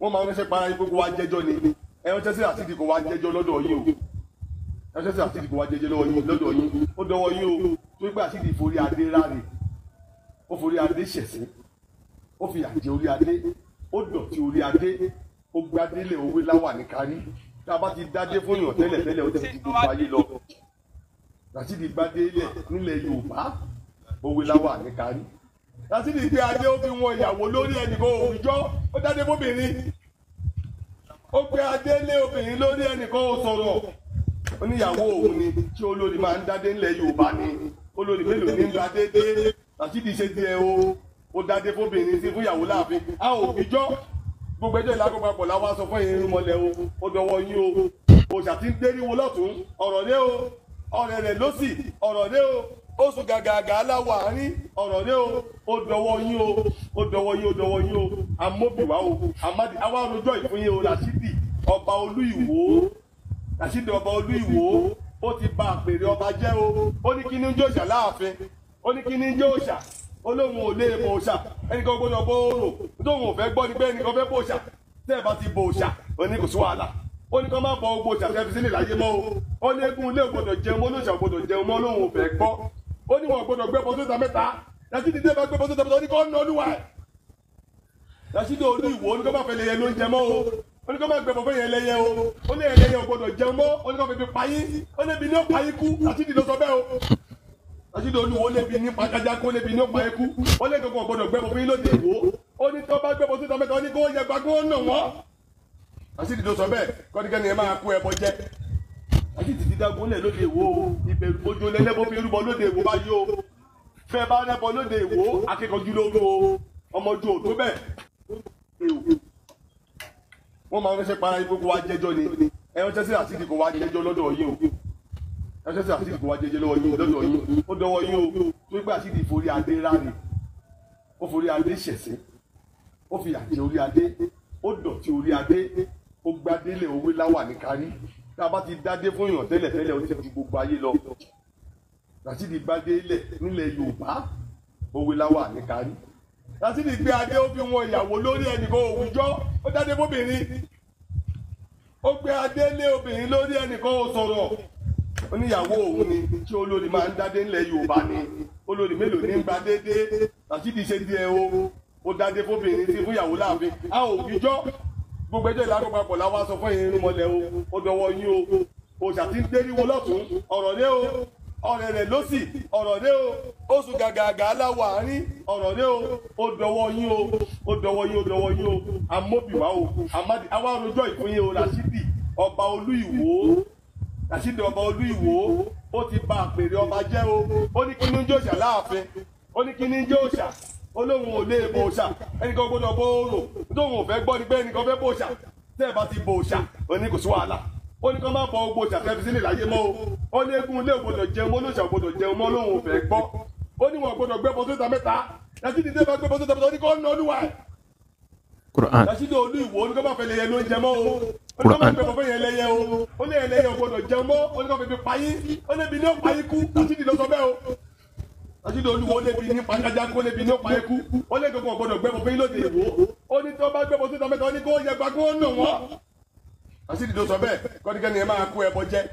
wọ́n máa ń rẹ́sẹ̀ para yín gbogbo wa jẹ́jọ́ ni ẹ̀rọ tẹ́sí àti ìdìbò wa jẹ́jọ́ lọ́dọ̀ yín o ẹ̀rọ tẹ́sí àti ìdìbò wa jẹ́jọ́ lọ́dọ̀ yín ó dọwọ́ yín o tó gbé àti ìdìbò orí adé ráre ó forí adé ṣẹ̀sí ó fi àjẹ orí adé ó dọ̀tí orí adé ó gbé adé lẹ̀ owó láwà ní kárí tá a bá ti dádé fún yàn tẹ́lẹ̀ tẹ́lẹ̀ ó ti di gbogbo ayé lọ àti ìdìgbàdé lẹ̀ nílẹ̀ Yorùbá owó láwà ní kárí láti ní ìgbé adé ó fi wọn ìyàwó lórí ẹnìkan òwùjọ́ ó dáadé fóbìnrin ó gbé adé lé obìnrin lórí ẹnìkan ó sọ̀rọ̀ ó ní ìyàwó òun ni tí olórí máa ń dádé ńlẹ̀ Yorùbá ni olórí mélòó ní ń dádé dé láti ní ṣe tiẹ̀ o ó dádé fóbìnrin sí fún ìyàwó láàfin a ò fi jọ́ gbogbo ẹjọ́ ìlàgbọ́ papọ̀ làwọn aṣọ fún ìrìn mọ́lẹ̀ o ó dọwọ́ yín o òṣà ti ń déríwó lọ́tún ọ̀rọ̀ lé o ọ̀rẹ́ rẹ̀ lọ́sì ọ̀rọ̀ lé o oṣù gàgàgà aláwọ̀ àárín ọ̀rọ̀ rẹ o ó dọwọ́ yín o ó dọwọ́ yín ó dọwọ́ yín o amóbìwá o amadi àwa rojọ́ ìfún o làṣídì ọba olú ìwò làṣídì ọba olú ìwò ó ti ba àpèrè ọba jẹ́ o ó ní kí ní jẹ́ òòṣà láàfin ó ní kí ní jẹ́ òòṣà ó lóun ò lè bọ òòṣà ẹnìkan gbọ́dọ̀ bọ òòrò tóun ò fẹ́ gbọ́ ni pé ẹnìkan fẹ́ bọ òòṣà tẹ́ ẹ bá ti bọ òòṣà ó ní kò sí wàhálà ó ní kó má bọ gbogbo òòṣà kẹfì sílẹ̀ láyé mọ́ o ó ní eégún ilé ò gbọ́dọ̀ jẹun mọ́ olóòṣà ò gbọ́dọ̀ jẹun mọ́ lóun ò fẹ́ gbọ́ ó ní wọn gbọ́dọ̀ gbé bọ́sẹ̀ ta mẹ́ta Rasidi dé bá gbé bọ́sẹ̀ ta mẹ́ta ó ní kọ́ ń nọ́ọ́lù wa Rasidi olú ìwò ó ní kọ́ máa fẹ́ lẹ́yẹ ló ń jẹ mọ́ o ó ní kọ́ máa gbẹ̀bọ̀ fẹ́yẹ lẹ́yẹ o ó ní ẹlẹ́yẹ ò gbọ́dọ̀ jẹun mọ́ ó ní kọ́ fẹ́ẹ́ fi payín ó lébi ní ó payín kú Rasidi ló sọ bẹ́ẹ̀ o Rasidi olú wo lébi ní pàjájá kó lébi ní ó payín kú ó lé gbogbo gbọ́dọ̀ gbẹ̀bọ̀ fẹ́yìn lóde ìwò ó ní tọ́ bá gbẹ̀bọ̀ sí ta mẹ́ta ó ní kó yẹ gbàgbọ́ ó nà wọ́n Rasidi ló sọ bẹ́ẹ̀ àti títí dagunlẹ̀ lóde ìwò ìbẹ̀rù bójú lẹ́lẹ́bó fi rúbọ lóde ìwò báyìí o fẹ́ bá rẹ́bọ lóde ìwò akẹ́kọ̀ọ́jú lóró o ọmọ ojú ò bẹ́ẹ̀ wọ́n máa ń fẹsẹ̀ para ibi kó wá jẹ́jọ́ ni ẹ̀rọ tẹ́sí àti ìdìbò wá jẹ́jọ́ lọ́dọ̀ yìí o ẹ̀rọ tẹ́sí àti ìdìbò wá jẹ́jọ́ lọ́dọ̀ yìí ó dọwọ́ yìí o tó gbé àti ìdìbò orí adé rárẹ̀ ó forí adé ṣẹ̀sẹ̀ ó fi àjẹ orí adé ó dọ̀tí orí adé ó gbadé lẹ̀ owó láwà ní kárí tá a bá ti dádé fún èèyàn tẹ́lẹ̀ tẹ́lẹ̀ ó ti ju gbogbo ayé lọ Rasidi gbadé lẹ̀ nílẹ̀ Yorùbá òwe láwà ní kárí Rasidi gbé adé ó fi wọn ìyàwó lórí ẹnìkan òwújọ́ ó dádé fóbìnrin ó gbé adé lé obìnrin lórí ẹnìkan ó sọ̀rọ̀ oníyàwó òun ni tí olórí máa ń dádé ńlẹ̀ Yorùbá ni olórí mélòó ní gba déédéé Rasidi ṣe díẹ̀ o ó dádé fóbìnrin sí fúnyàwó láàfin a ò fi jọ́ gbogbo ẹjọ́ ìlànà papọ̀ làwọn aṣọ fún ìrìn mọ́lẹ̀ o ó dọwọ́ yín o òṣà ti ń dériwo lọ́tún ọ̀rọ̀ lé o ọ̀rẹ́ rẹ̀ lọ́sì ọ̀rọ̀ lé o oṣù gàgàgà aláwọ̀ àárín ọ̀rọ̀ lé o ó dọwọ́ yín o ó dọwọ́ yín o dọwọ́ yín o amóbìwá o amadi àwa arojọ́ ìpínyẹ o Rashidi ọba olú ìwò Rashidi ọba olú ìwò ó ti bà àpèrè ọba jẹ́ o ó ní kí ní jòṣà láàfin ó ní kí ní jòṣà olóhùn ò lè bò ẹnìkan gbọ́dọ̀ bó rò ò fẹ́ gbọ́ ni ẹnìkan fẹ́ bò òòṣà ẹ bá ti bò òní kò sí wàhálà ó ní kó má bọ gbogbo òòṣà sílẹ̀ láyé mọ́ o ó ní eégún ilé ògbọ́dọ̀ jẹun mọ́ lóòṣà jẹun mọ́ lóhùn ò fẹ́ gbọ́ ó ní wọn gbọ́dọ̀ gbẹ́bọ tó ta mẹ́ta láti ní débà gbẹ́bọ tó ta mẹ́ta ó ní kó ná olúwa Quran. Lásìkò àtúndì olúwo lébi ní pàjájá kó lébi ní ọ̀pá ikú ó gbogbo ọ̀gbọ́dọ̀ gbẹ́bọ fún ilóde ìwò ó ní tí wọ́n bá gbẹ́bọ sí tọ́mẹ́ta ní kó yẹ gba kó nù wọ́n. àtúndì sọ bẹ́ẹ̀ kọ́díkẹ́ni ẹ máa kó ẹbọ jẹ́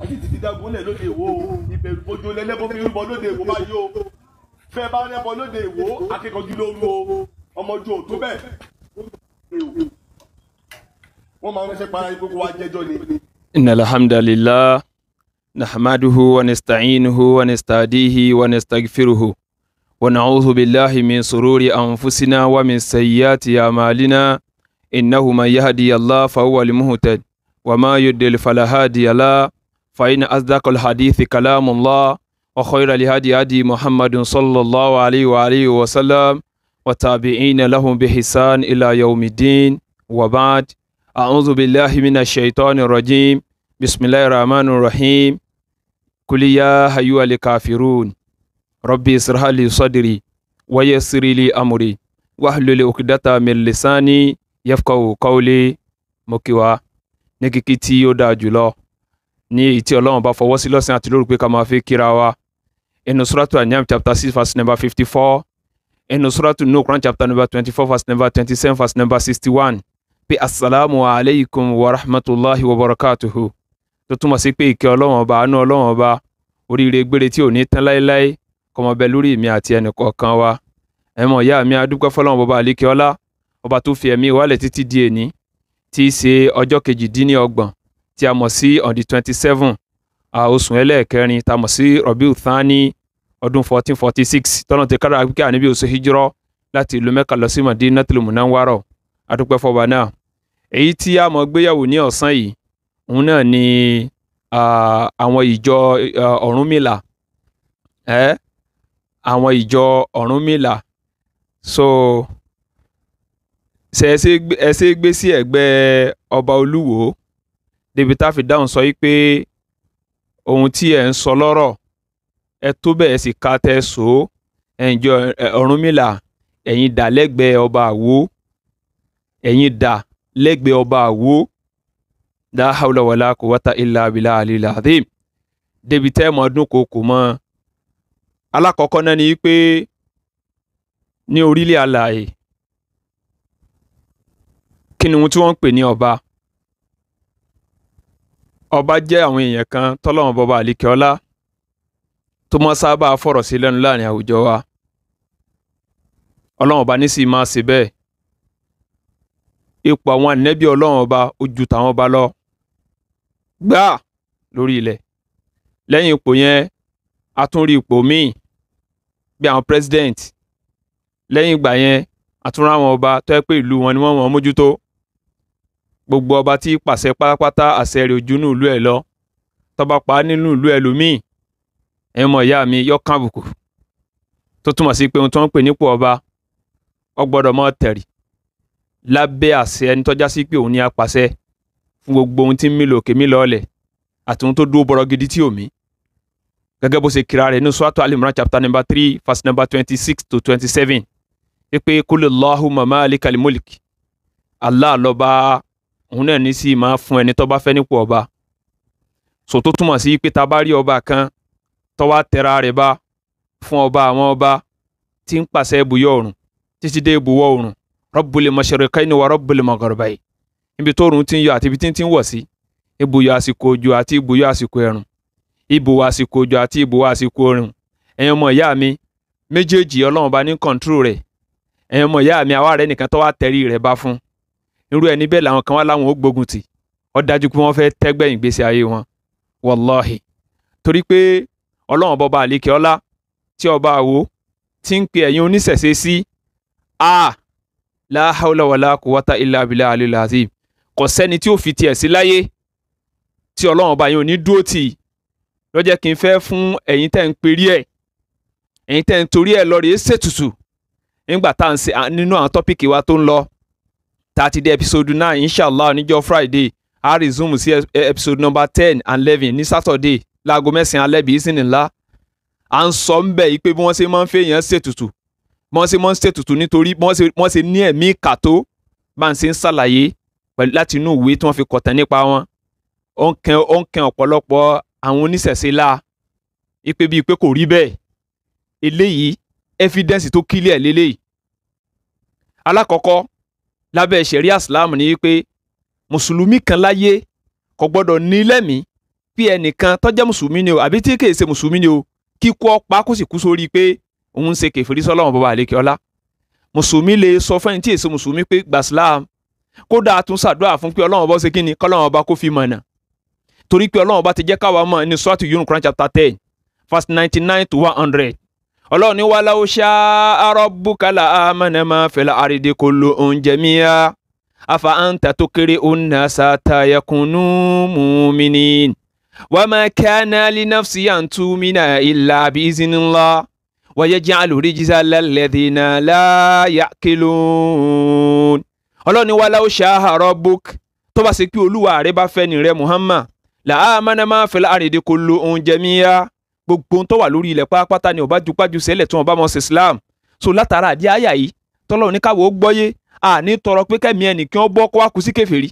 àtúndì lóde ìwò ìbẹ̀rù bójú lẹ́lẹ́bọ fi rúbọ lóde ìwò máa yó fẹ́ bá rẹ́bọ lóde ìwò akẹ́kọ̀ọ́jú lóru ọmọdún ò نحمده ونستعينه ونستهديه ونستغفره ونعوذ بالله من سرور أنفسنا ومن سيئات أعمالنا إنه من يهدي الله فهو المهتد وما يدل فلا هادي له فإن أصدق الحديث كلام الله وخير الهدي هدي محمد صلى الله عليه وآله وسلم وتابعين لهم بحسان إلى يوم الدين وبعد أعوذ بالله من الشيطان الرجيم بسم الله الرحمن الرحيم kuli ya hayu al kafirun rabbi israh li sadri wa yassir li amri wahlul uqdata min lisani yafqahu qawli mokiwa ní kíkí tí ó dáa jùlọ ní èyí tí ọlọ́run bá fọwọ́ sí lọ́sàn àti fi kíra wa inú suratu anyam chapter six verse number fifty four inú suratu nuh chapter number twenty four verse number twenty seven verse number sixty one pé asalaamu alaykum wa rahmatulahi wa barakatuhu tó túmọ̀ sí pé ìkẹ́ ọlọ́wọ́n ọba àánú ọlọ́wọ́n ọba oríire gbére tí ò ní tán láéláé kọmọbẹ lórí mi àti ẹnìkọ̀ọ̀kan wa ẹ̀mọ̀ ìyá mi adúpẹ́ fọlọ́wọ́n bọba àlékẹ́ ọlá ọba tó fi ẹ̀mí wálẹ̀ títí di èní tí í ṣe ọjọ́ kejìdínlọ́gbọ̀n tí a mọ̀ sí on twenty seven oṣù ẹlẹ́ẹ̀kẹrin tá a mọ̀ sí Rabiu Thani ọdún fourteen forty six tọ́nà ti kára pé àníbi oṣù hijrọ́ láti ìlú Mẹ́kà lọ sí Madinatul Munawwara adúpẹ́ fọba náà èyí tí òun náà ni àwọn ìjọ ọ̀rúnmìlà àwọn ìjọ ọ̀rúnmìlà so ṣe ẹ ṣe gbé sí ẹ̀gbẹ́ ọba olúwo débi tá a fi dáhùn sọ pé ohun tí ẹ ń sọ lọ́rọ̀ ẹ tó bẹ́ẹ̀ sì ka tẹ so ẹ̀ǹjọ ọ̀rúnmìlà ẹ̀yin dà lẹ́gbẹ̀ẹ́ ọba àwo ẹ̀yin dà lẹ́gbẹ̀ẹ́ ọba àwo la hawla wala quwwata illa billahi alil azim débi tẹ́ mọ́ ọdún kò kò mọ́ alákọ̀ọ́kọ́ náà ni pé ní orílẹ̀ alàyè kí ni ohun tí wọ́n ń pè ní ọba ọba jẹ́ àwọn èèyàn kan tọ́lọ́wọ́n bọba àlìkẹ́ọ́lá tó mọ́ sábà fọ̀rọ̀ sí lẹ́nu láàrin wa ọlọ́run ọba ní sì máa ṣe bẹ́ẹ̀ ipò àwọn ànẹ́bí ọlọ́run ọba ó tàwọn ọba lọ gbà lórí ilẹ̀ lẹ́yìn ipò yẹn a tún rí ipò míì bí àwọn president lẹ́yìn ìgbà yẹn a tún ráwọn ọba tó yẹ pé ìlú wọn ni wọ́n wọ́n mójútó gbogbo ọba tí pàṣẹ pátápátá àṣẹ rẹ̀ ojú ní ẹ̀ lọ tọba pa á nínú ìlú ẹlòmíì ẹ̀yin ọmọ ìyá mi yọ kàbùkù tó túmọ̀ sí pé ohun tó ń pè nípò ọba ó gbọ́dọ̀ mọ́ tẹ̀rì lábẹ́ àṣẹ ẹni tọ́já sí pé òun ni apàṣẹ fún gbogbo ohun tí ń mí lòkè mí lọ́ọ̀lẹ̀ àti ohun tó dúró bọ̀rọ̀ gidi tí ò mí gẹ́gẹ́ bó ṣe kíra rẹ̀ ní suwatu alimran chapter number three verse number twenty six to twenty seven wípé kúlẹ̀ lọ́hùn màmá alikali mọ́lìkì Allah lọ́ba òun náà ní sí máa fún ẹni tó bá fẹ́ nípò ọba sò tó túmọ̀ sí pé ta bá rí ọba kan tó wá tẹra rẹ̀ bá fún ọba àwọn ọba tí ń pàṣẹ ibùyọ̀ ọ̀run títí dé ibùwọ̀ ọ̀run rọ́bùlì mọ̀ṣẹ̀rẹ̀kẹ́ ni wà rọ́bùlì mọ̀gàrùbáyìí níbi tóòrùn ti ń yọ àti ibi tí ń ti ń wọ̀ sí ibùyọ àsìkò òjò àti ibùyọ àsìkò ẹ̀rùn ibùwọ̀ àsìkò òjò àti ibùwọ̀ àsìkò ẹ̀rùn ẹ̀yin ọmọ ìyá mi méjèèjì ọlọ́run bá ní kọ̀ǹtúrò rẹ̀ ẹ̀yin ọmọ ìyá mi àwa rẹ̀ nìkan tó wá tẹ̀rí rẹ̀ bá fún irú ẹni bẹ́ẹ̀ làwọn kan wá láwọn ó gbógun tì ó dájú pé wọ́n fẹ́ tẹ́gbẹ̀yìn gbèsè ayé wọn wàláhì torí pé ọlọ́run bọba àlékè kò sẹ́ni tí ó fi tiẹ̀ sí láyé tí ọlọ́run ọba yẹn ò ní dúró tì í ló jẹ́ kí n fẹ́ fún ẹ̀yin tẹ́ ń perí ẹ̀ ẹ̀yin tẹ́ ń torí ẹ̀ lọ́ọ̀rì ẹ̀ ṣètùtù nígbà tá à ń ṣe nínú àwọn tọ́pìkì wa tó ń lọ tá a ti dé episode nine inshallah níjọ́ friday a resume sí e, episode number ten and eleven ní saturday láago mẹ́sàn-án alẹ́ bíi sí nìlá à ń sọ ń bẹ̀ yìí pé bí wọ́n ṣe máa ń fẹ́ èèyàn ṣètùtù bí wọ́n ṣe máa ń ṣètùtù nítorí bí wọ́n ṣe ní ẹ̀mí ìkà bá ń ṣe ń ṣàlàyé pẹ̀lú láti inú ìwé tí wọ́n fi kọ̀tàn nípa wọn ó ń kàn ó ń kàn ọ̀pọ̀lọpọ̀ àwọn oníṣẹ̀ṣe la ipe bíi pé kò rí bẹ́ẹ̀ eléyìí evidence tó kílẹ̀ lélẹ́yìí alákọ̀ọ́kọ́ lábẹ́ ṣẹ̀ríà Islam ni wípé mùsùlùmí kan láyé kò gbọ́dọ̀ ní lẹ́mìí bí ẹnìkan tó jẹ́ mùsùlùmí ni o àbí tí kìí ṣe mùsùlùmí ni o kíkú ọ̀pá kó sì kú sórí pé òun ń ṣe kèfèrí sọ́lọ́run bàbá àlekè ọlá mùsùlùmí lè sọ fẹ́ni èso mùsùlùmí pé gbà kódà a tún ṣàdúrà fún pé ọlọ́run ọba ṣe kí ni kọ́lọ́run ọba kó fi mọ̀nà torí pé ọlọ́run ọba ti jẹ́ káwa mọ̀ ní swat yunus chapter ten verse ninety nine to one hundred ọlọ́run ní wàhálà ó ṣá arọ́bùkálà amánàmá fẹlẹ̀ àrídé kò lo oúnjẹ mìíyà afa anta tó kéré ònà sàtàyẹkùnú mùmíní wàmà kánà lìnàfsì àǹtú mìnà ìlà àbí ìzínlá wàyẹ̀jẹ̀ àlùrí jísà lálẹ́ láyà kìlún ọlọ́ni wàlá ó ṣàhà rabbuk tó bá ṣe pé olúwa rẹ bá fẹ́ ni rẹ Muhammad làá mánámá fẹ́lá àrèdè kò lo ohun jẹmíyá gbogbo tó wà lórí ilẹ̀ pátápátá ni ọba jupájú sẹ́lẹ̀ tí wọ́n bá mọ̀ sí Islam so látara àdí àyà yìí tọ́lọ́ oníkàwé ó gbọ́yé àní tọrọ pé kẹ́mi ẹnì kí wọ́n bọ́ kó wá kú sí kèfèrí.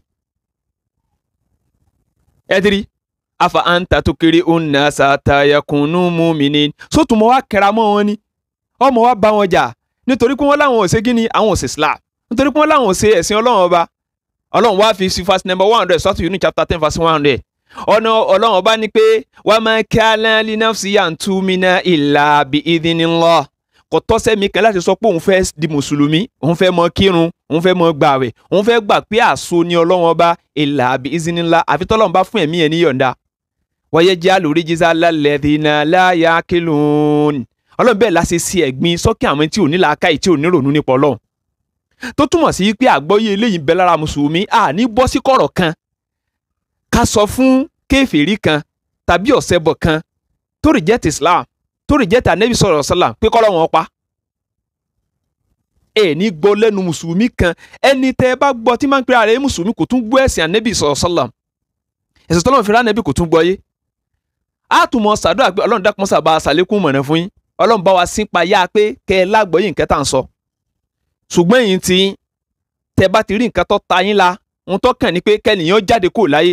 ẹ afa à ń ta tó kéré òun náà ṣàtàyàkùnú mú mi ni sótùmọ̀ wá kẹra mọ́ wọn ni ọmọ wa bá wọn jà nítorí pé wọ́n láwọn ò ṣe gíní àwọn ò sí Islam nítorí pé wọ́n láwọn ò ṣe ẹ̀sìn ọlọ́run ọba ọlọ́run wá fi sí verse number one hundred sọ́tù yunú chapter ten verse one hundred ọ̀nà ọlọ́run ọba ni pé wàá máa kí aláàlí náà sí yà ń tú mi náà ìlà bí ìdínnílọ́ kò tọ́ sẹ́mi kan láti sọ pé òun fẹ́ di mùsùlùmí òun fẹ́ mọ kírun òun fẹ́ mọ gbààwẹ̀ òun fẹ́ gbà pé àṣọ ni ọlọ́run ọba ìlà àbí ìdínnílá àfi tọ́lọ́run bá fún ẹ̀mí ẹ̀ níyọ̀ǹda wọ́yẹ jẹ́ àlórí jíza lálẹ́ dínà láyà kílùún ọlọ́run bẹ́ẹ̀ láti ṣe ẹ̀gbin sọ́kẹ́ àwọn tí ò ní làákàyè tí ò ní rònú tó túmọ̀ sí pé àgbọ́yé eléyìí ń bẹ lára mùsùlùmí a ní bọ́ sí kọ̀rọ̀ kan ká sọ fún kèfèrí kan tàbí ọ̀sẹ̀bọ̀ kan tó reject Islam tó reject anabi sọ̀rọ̀ sọ́là pé kọ́rọ̀ wọn pa ẹ ní gbọ́ lẹ́nu mùsùlùmí kan ẹni tẹ́ ẹ bá gbọ́ tí máa ń pera rẹ̀ mùsùlùmí kò tún gbọ́ ẹ̀sìn anabi sọ̀rọ̀ sọ́là ẹ̀sìn tọ́lọ́run fi rán anabi kò tún gbọ́ yé àtúmọ̀ sàdúrà pé ọlọ́run dákúmọ́sà bá a sàlékún mọ̀nà fún yín ọlọ́run bá wa sínpa yá pé kẹ́ ẹ lágbọ́ yìí tá à ń sọ ṣùgbọ́n èyí ti tẹ bá ti rí nǹkan tó ta yín la ohun tó kàn ní pé kẹ́nìyàn jáde kò láyé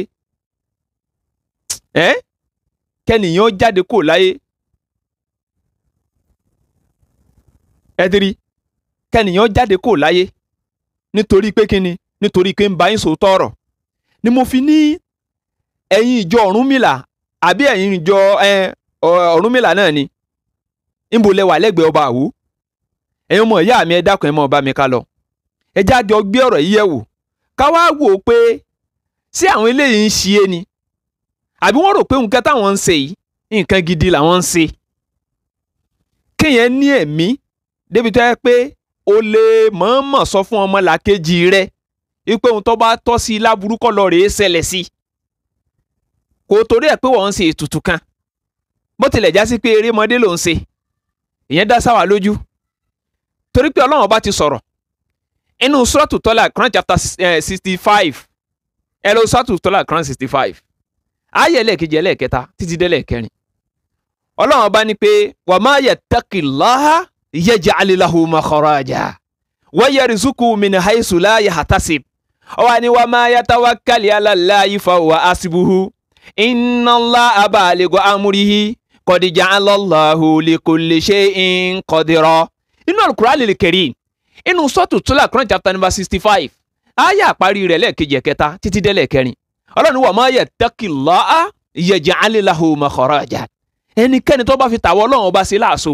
ẹ́ kẹ́nìyàn jáde kò láyé ẹ ti rí kẹ́nìyàn jáde kò láyé nítorí pé kíni nítorí pé ń ba yín sòótọ́ ọ̀rọ̀ ni mo fi ní ẹ̀yin ìjọ Ọ̀rúnmìlà àbí ẹ̀yin ìjọ Ọ̀rúnmìlà náà ni ń bo lẹ́wà lẹ́gbẹ̀ẹ́ ọba àwò ẹ̀yin ọmọ ìyá mi ẹ dákun ẹ mọ̀ bá mi ká lọ ẹ jáde ọgbé ọ̀rọ̀ yìí yẹ̀ wò ká wá wò ó pé ṣé àwọn eléyìí ń ṣe ni àbí wọ́n rò pé nǹkan táwọn ń ṣe yìí nǹkan gidi làwọn ń ṣe kéèyàn ní ẹ̀mí débi tó yẹ pé o lè mọ̀ọ́mọ̀ sọ fún ọmọ làkejì rẹ wípé ohun tó bá tọ́ sí i láburú lọ rèé ṣẹlẹ̀ sí i kò torí ẹ̀ pé wọ́n ń ṣe ètùtù kan bó tilẹ̀ já sí pé erémọdé ló ń ṣe ìyẹn dá sáwà lójú torí pé ọlọ́run ọba ti sọ̀rọ̀ inú sọ́ọ̀tù tọ́lá Quran chapter eh, sixty five ẹ lọ sọ́ọ̀tù tọ́lá Quran sixty five ayé ẹlẹ́ẹ̀kejì ẹlẹ́ẹ̀kẹta títí délẹ̀ kẹrin ọlọ́run ọba ní pé wa ma yattaqillaha yaj'al lahu makhraja wa yarzuqhu min haythu la yahtasib ọwọ́ ni wa ma yatawakkal 'ala Allahi fa huwa hasbuhu inna Allaha balighu amrihi qad ja'ala Allahu li kulli shay'in qadira nínú Al-Qur'an al-Karim inú sọ́ọ̀tù tólà Quran chapter number sixty five àyà àparí rẹ̀ lẹ́ẹ̀kejì ẹ̀kẹta títí dẹ́lẹ̀ kẹrin ọlọ́run wà máa yẹ tẹ́kìlọ́á yaj'al lahu makhraja ẹnikẹ́ni tó bá fi tàwọn ọlọ́run ọba sí láàṣọ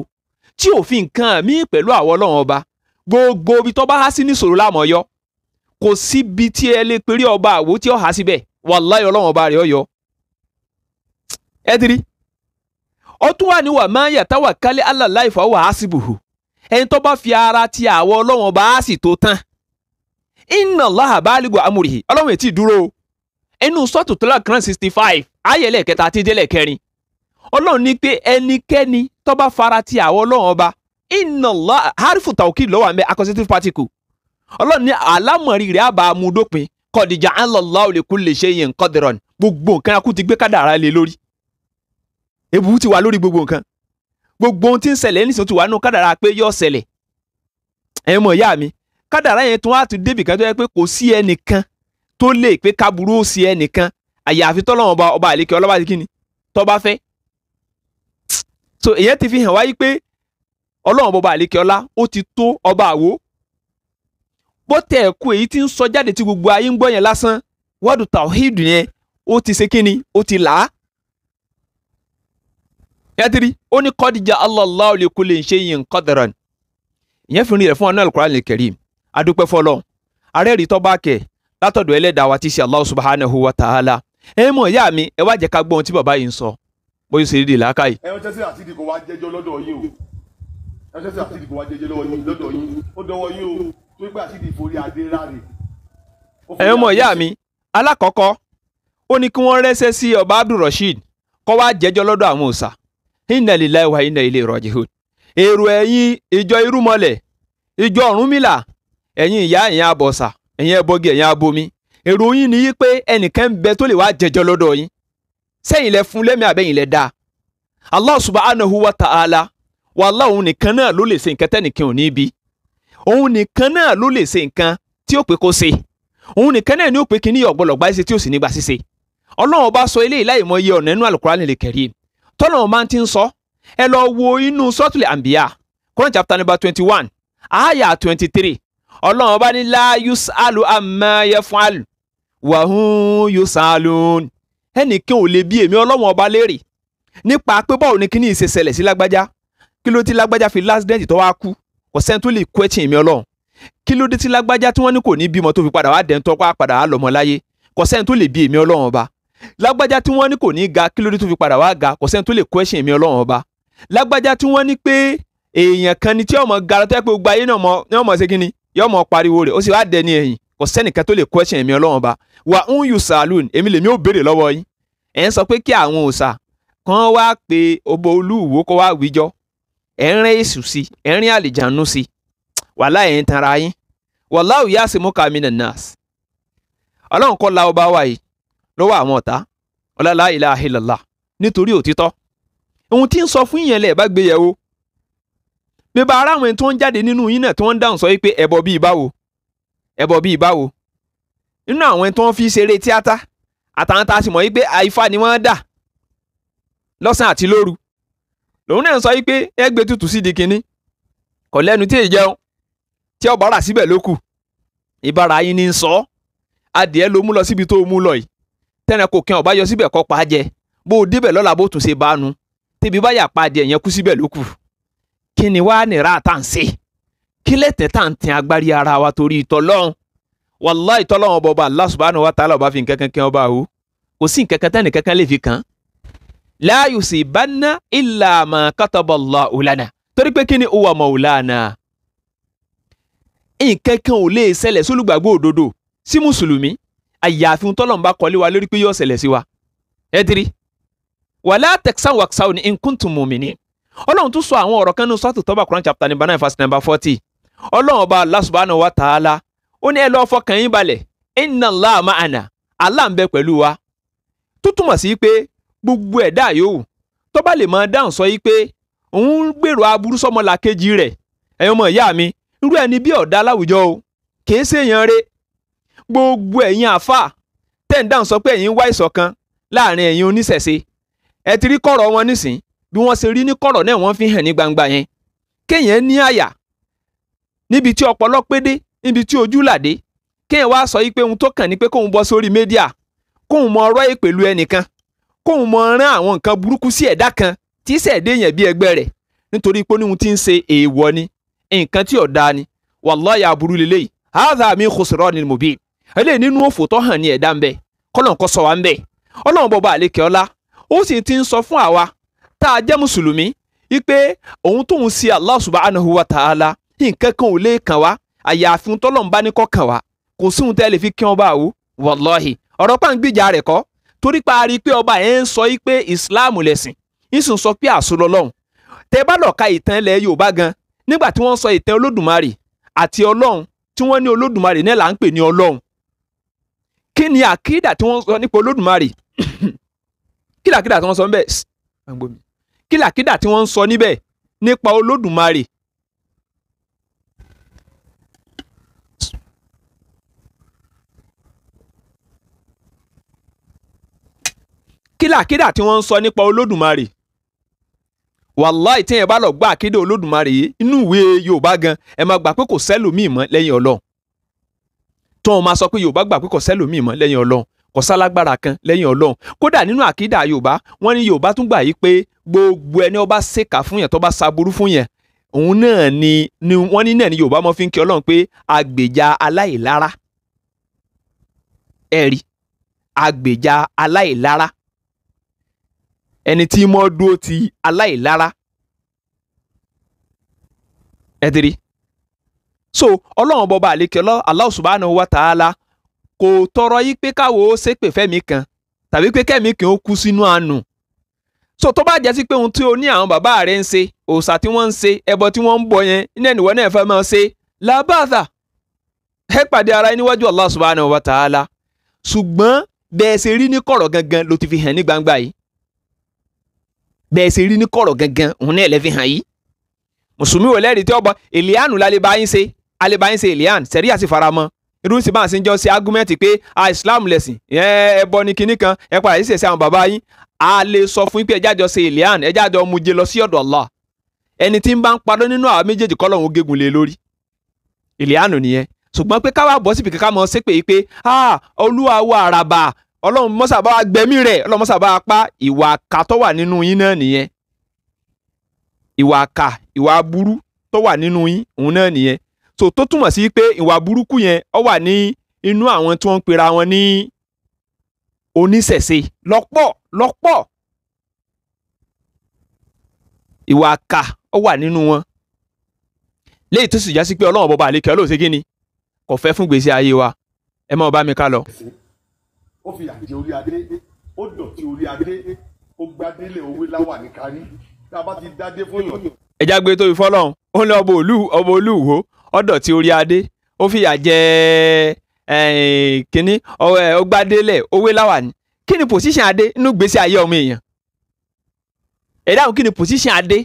tí òfin nǹkan míì pẹ̀lú àwọn ọlọ́run ọba gbogbo ibi tó bá há sí níṣòro láàmọ́ yọ kò síbi tí ẹ lè péré ọba àwo tí ó há síbẹ̀ wàláyé ọlọ́run ọba rẹ̀ ọyọ. ẹ dirí ọtún wà ní wà máa yàtá wà kálí alàlá ìfọwọ́ àásìbùhù ẹni tó bá fi ara ti àwọ ọlọ́wọ́n bá a sì tó tán inna Allaha balighu amrihi ọlọ́wọ́n ètí dúró inú sọ́ọ̀tù tó lọ́ọ̀ kan sixty five ayẹlẹ̀ kẹta àti délẹ̀ kẹrin ọlọ́run ní pé ẹnikẹ́ni tó bá fara ti àwọ ọlọ́wọ́n bá inna Allaha harifu taukid lọ́wọ́ àmì accusative particle ọlọ́run ní àlámọ̀rí rẹ̀ àbá amúdópin kọ̀dìjà Allahu li kulli shay'in qadran gbogbo nǹkan akú ti gbé gbogbo ohun tí ń ṣẹlẹ̀ nísìnyí ti wà nínú kádàrá pé yóò ṣẹlẹ̀ ẹ mọ̀ ìyá mi kádàrá yẹn tún wá tún débì kan tó yẹ pé kò sí ẹnìkan tó lè pé káburú ó sí ẹnìkan àyàfi tọ́lọ́wọ́n ọba ọba àlekè ọlọ́ba ti kíni tọ́ba fẹ́ so èyẹ ti fi hàn wáyé pé ọlọ́wọ́n ọba àlekè ọlá ó ti tó ọba àwo bó tẹ̀ ẹ̀kú èyí tí ń sọ jáde tí gbogbo ayé ń gbọ́ yẹn lásán wọ́ọ̀dù tàwíìdù yẹn ó ti ṣe kíni ó ti là yàtìrí ó ní kọ́díjà Allahu li kulli shay'in qadaran ìyẹn fi rin rẹ̀ fún wa náà Al-Qur'an al-Karim adúpẹ́ fọlọ́ arẹ́rìí tọ́ba kẹ̀ látọ̀dọ̀ ẹlẹ́dàá wa ti ṣe Allah subhanahu wa ta'ala ẹ mọ̀ ìyá mi ẹ wá jẹ́ ká gbọ́ ohun tí bàbá yìí ń sọ bóyá ṣe rí làákàyè. ẹ ọjọ́ sí àtìdì kò wá lọ́dọ̀ yín o ẹ ọjọ́ sí àtìdì kò lọ́dọ̀ yín ó dọwọ́ yín o tó gbé àtìdì ìforí adé ráre. ẹ mọ̀ ìyá mi alákọ̀ọ́kọ́ ó ní kí wọ́n rẹ́sẹ̀ sí ọba Abdulrasheed kó wá jẹ́jọ́ lọ́dọ̀ àwọn òòsà inna lillahi wa inna ilayhi raji'un èrò ẹ̀yin ìjọ irúmọlẹ̀ ìjọ ọ̀rúnmìlà ẹ̀yin ìyá ẹ̀yin abọ̀sà ẹ̀yin ẹbọgi ẹ̀yin abomi èrò yín ni yí pé ẹnìkan ń bẹ tó lè wá jẹjọ lọ́dọ̀ yín sẹ́yìn lẹ fún lẹ́mìí àbẹ́yìn lẹ dáa Allah subhanahu wa ta'ala wàhálà òun nìkan náà ló lè ṣe nǹkan tẹ́nìkan ò ní bí òun nìkan náà ló lè ṣe nǹkan tí ó pé kó ṣe òun nìkan náà ni ó pé kí ní ọ̀gbọ̀lọ̀gbá ṣe tí ó sì nígbà ṣíṣe ọlọ́run bá sọ eléyìí láì mọ iye ọ̀nà inú al tọ́nà máa ti ń sọ ẹ lọ wo inú sọ́tùlẹ̀ àǹbíyà Quran chapter number twenty one àyà twenty three ọlọ́run ọba ní la yusalu amma yafalu wa hum yusalun ẹnìkan ò lè bí èmi ọlọ́run ọba léèrè nípa pé báwo ni kíní ìṣe ṣẹlẹ̀ sí lágbájá kí ló ti lágbájá fi last dent tó wá kú kò sẹ́ni tó lè question mi ọlọ́run kí ló dé tí lágbájá tí wọ́n ní kò ní bímọ tó fi padà wá dẹ̀ ń tọ́pá padà wá lọ́mọ láyé kò sẹ́ni tó lè bí èmi ọlọ́run ọba lágbájá tí wọ́n ní kò ní ga kí ló dé tó fi padà wá ga kò sẹ́ni tó lè question mi ọlọ́run ọba lágbájá tí wọ́n ní pé èèyàn kan ni tí ọmọ gara tó yẹ pé gbogbo ayé náà mọ̀ ṣe kí ni yọ ọmọ pariwo rẹ̀ ó sì wá dẹni ẹ̀yìn kò sẹ́nìkan tó lè question mi ọlọ́run ọba wà ń yù sàlùn èmi lèmi ò béèrè lọ́wọ́ yín ẹ̀ ń sọ pé kí àwọn òòṣà kan wá pe ọba olúwo kó wá wíjọ ẹ̀ ń rẹ́ èṣù sí ẹ̀ ń rìn àlìjánu sí wàhálà ẹ̀ ń tanra yín wàhálà òyà àsìmúkà mi nà nàás ọlọ́run kọ́ la ọba wa lọ́wọ́ àwọn ọ̀tá ọlọ́lá ilaha illallah nítorí òtítọ́ ohun tí ń sọ fún ìyẹn lẹ̀ bá gbé yẹ̀ o bíbá ara àwọn tó ń jáde nínú yín náà tí wọ́n ń dáhùn sọ wípé ẹbọ bíi báwo ẹbọ bíi báwo nínú àwọn tó ń fi ṣeré tíátá àtàwọn tá a sì mọ̀ wípé àìfà ni wọ́n dà lọ́sàn àti lóru lòun náà sọ wípé ẹgbẹ́ tutù sí di kínní kò lẹ́nu tí èyí jẹun tí ọba rà síbẹ̀ ló ìbára yín ni ń sọ adìẹ ló mú lọ síbi tó mú lọ yìí tẹ́ranko kan ọ̀bá yọ síbẹ̀ kọ́ pa á jẹ bó o débẹ̀ lọ́la bó tún ṣe bá a nu tẹ́bi bá yà pa adìẹ yẹn kú síbẹ̀ ló kù kí ni wàá nira tá à ń ṣe kí lẹ́tẹ̀ tá à ń tin agbárí ara wa torí ìtọ́lọ́run wàláì tọ́lọ́run bọba Allah subhanahu wa ta'ala ọba fi nkankan kí ọba o kò sí nkankan tẹ́ni kankan lè fi kàn la yusibanna illa ma kataballahu lana torí pé kí ni huwa maulana nkankan ò lè ṣẹlẹ̀ sólùgbàgbọ́ òdodo sí mùsùlùmí àyàfi ohun tọ́lọ́run bá kọ́lé wa lórí pé yóò ṣẹlẹ̀ sí wa ẹ tiri wàlá tẹ̀sán wàksáwò ní nkúntùn mùmíní ọlọ́run tún sọ àwọn ọ̀rọ̀ kan ní sọ́ọ̀tù tọ́ba Quran chapter number nine verse number forty ọlọ́run ọba Allah subhanahu wa ta'ala ó ní ẹ lọ́ọ́ fọkàn yín balẹ̀ inna Allaha ma'ana Allah ń bẹ pẹ̀lú wa tó túmọ̀ sí pé gbogbo ẹ̀dá yòówù tó bá lè máa dáhùn sọ yìí pé òun ń gbèrò aburú sọmọlàkejì rẹ̀ ẹ̀yin ìyá mi irú ẹni bí ọ̀dà láwùjọ o kìí ṣèyàn rẹ̀ gbogbo ẹ̀yin àáfàá tẹ̀ ń dáhùn sọ pé ẹ̀yin ń wá ìṣọ̀kan láàrin ẹ̀yin oníṣẹ̀ṣe ẹ ti rí kọ̀rọ̀ wọn nísìn bí wọ́n ṣe rí ní kọ̀rọ̀ náà wọ́n fi hàn ní gbangba yẹn kéèyàn ní àyà níbi tí ọpọlọ pé dé níbi tí ojú là dé kéèyàn wá sọ yìí pé ohun tó kàn ní pé kóun bọ́ sórí mídíà kóun mọ ọ̀rọ̀ ìpèlú ẹnìkan kóun mọ rán àwọn nǹkan burúkú sí ẹ̀dá kan tí sẹ̀dé yẹn bí ẹgbẹ́ rẹ̀ nítorí pé níhun tí ń ṣe èèwọ̀ ni nǹkan tí ò dáa ni wàláyà aburú lélẹ́yìí haza mi khusranil mubin eléyìí nínú òfò tó hàn ní ẹ̀dá ńbẹ kọ́lọ̀ kọ́ sọ wa ńbẹ ọlọ́run bọba àlekè ọlá ó sì ti ń sọ fún àwa tá a jẹ́ mùsùlùmí wípé òun tóun sí Allah subhanahu wa ta'ala nǹkan kan ò lè kàn wá àyàfi tọ́lọ́run bá ní kọ́ kàn wá kò síhun tẹ́ lè fi kí wọn bá wò wallahi ọ̀rọ̀ pàǹgbìjà rẹ̀ kọ́ torí pa ari pé ọba ẹ̀ ń sọ pé Islam lẹ̀sìn ń sì ń sọ pé àsọlọ lọ́hùn tẹ́ bá lọ ka ìtàn ilẹ̀ Yorùbá gan nígbà tí wọ́n sọ ìtàn Olódùmarè àti Ọlọ́run tí wọ́n ní Olódùmarè náà là ń pè ní Ọlọ́run kí ni àkídà tí wọ́n sọ nípa olódùmarè kí làkídà tí wọ́n sọ níbẹ̀ kí làkídà tí wọ́n sọ níbẹ̀ nípa olódùmarè. kí làkídà tí wọ́n ń sọ nípa olódùmarè wàláì tí yẹn bá lọ gbọ́ àkídà olódùmarè yìí inú ìwé yorùbá gan ẹ máa gbà pé kò sẹ́lòmíì mọ́ lẹ́yìn ọlọ́run tó wọn máa sọ pé yorùbá gbà pé kò sẹ́lòmíì mọ́ lẹ́yìn ọlọ́run kò sálágbára kan lẹ́yìn ọlọ́run kódà nínú àkídà yorùbá wọ́n ní yorùbá tún gbà yí pé gbogbo ẹni ó bá ṣèkà fún yẹn tó bá ṣaburú fún yẹn òun náà ni ni wọ́n ní náà ni yorùbá mọ́ fi ń kí ọlọ́run pé agbèjà aláìlára ẹ̀rí agbèjà aláìlára ẹni tí mọ́ dúró ti aláìlára ẹ̀dìrí so ọlọ́run bọba àlekè ọlọ́ Allah subhanahu wa ta'ala kò tọrọ yí pé káwo ó ṣépè fẹ́mi kan tàbí pé kẹ́mi kan ó kú sínú àánú so tó bá jẹ́ sí pé ohun tí o ní àwọn bàbá rẹ̀ ń ṣe òòṣà tí wọ́n ń ṣe ẹbọ tí wọ́n ń bọ yẹn iná ìwọ náà fẹ́ máa ṣe làbàdà ẹ pàdé ara níwájú Allah subhanahu wa ta'ala ṣùgbọ́n bẹ́ẹ̀ ṣe rí ní kọ̀rọ̀ gangan ló ti fi hàn ní gbangba yìí bẹ́ẹ̀ ṣe rí ní kọ̀rọ̀ gangan òun náà lẹ́ fi hàn yìí mùsùlùmí wò lẹ́rìí tí ọba èlé àánú lálẹ́ bá yín ṣe alẹ́bàáyín ṣe ìlíàn sẹ̀ríà sì faramọ́ irú sì bá àṣìn jọ sí ágúmẹ́ǹtì pé a ah, islam lẹ̀sìn ẹ bọ ní kinní kan ẹ padà ṣiṣẹ́ sí àwọn bàbá yín a lè sọ fún yín pé ẹjájọ ṣe ìlíàn ẹjájọ muje lọ sí ọ̀dọ̀ Allah ẹni tí ń bá ń parọ́ nínú àwọn méjèèjì kọ́ lọ́hún gégùn lé e lórí ìlíàn nìyẹn ṣùgbọ́n pé káwá bọ́ síbi kankan mọ́ sépè yìí pé ah, olúwa wo àràbà ọlọ́run mọ́sàbá wa gbẹ̀mí rẹ̀ ọlọ́run mọ́sàbá wa pa ìwà àka tó so tó túmọ̀ sí pé ìwà burúkú yẹn ó wà ní inú àwọn tí wọ́n ń pera wọn ní oníṣẹ̀ṣe lọ́pọ̀ lọ́pọ̀ ìwà àkà ó wà nínú wọn léyìí tó sì já sí pé ọlọ́run bọba àlékè ọlọ́run ṣe kí ni kò fẹ́ fún gbèsè ayé wa ẹ mọ̀ bá mi ká lọ. ó fi àjẹ orí adé ó dọ̀tí orí adé ó gbadélé owó láwà ní kárí tá a bá ti dádé fún yàn. ẹja gbé tóbi fọlọ́run ó lọ ọbọ olú ọbọ olú wo ó dọ̀tí orí adé ó fìyà jẹ kínní ọgbàdélẹ̀ owó láwàní kí ni position adé inú gbèsè ayé ọmọ èèyàn ẹ dáhùn kí ni position adé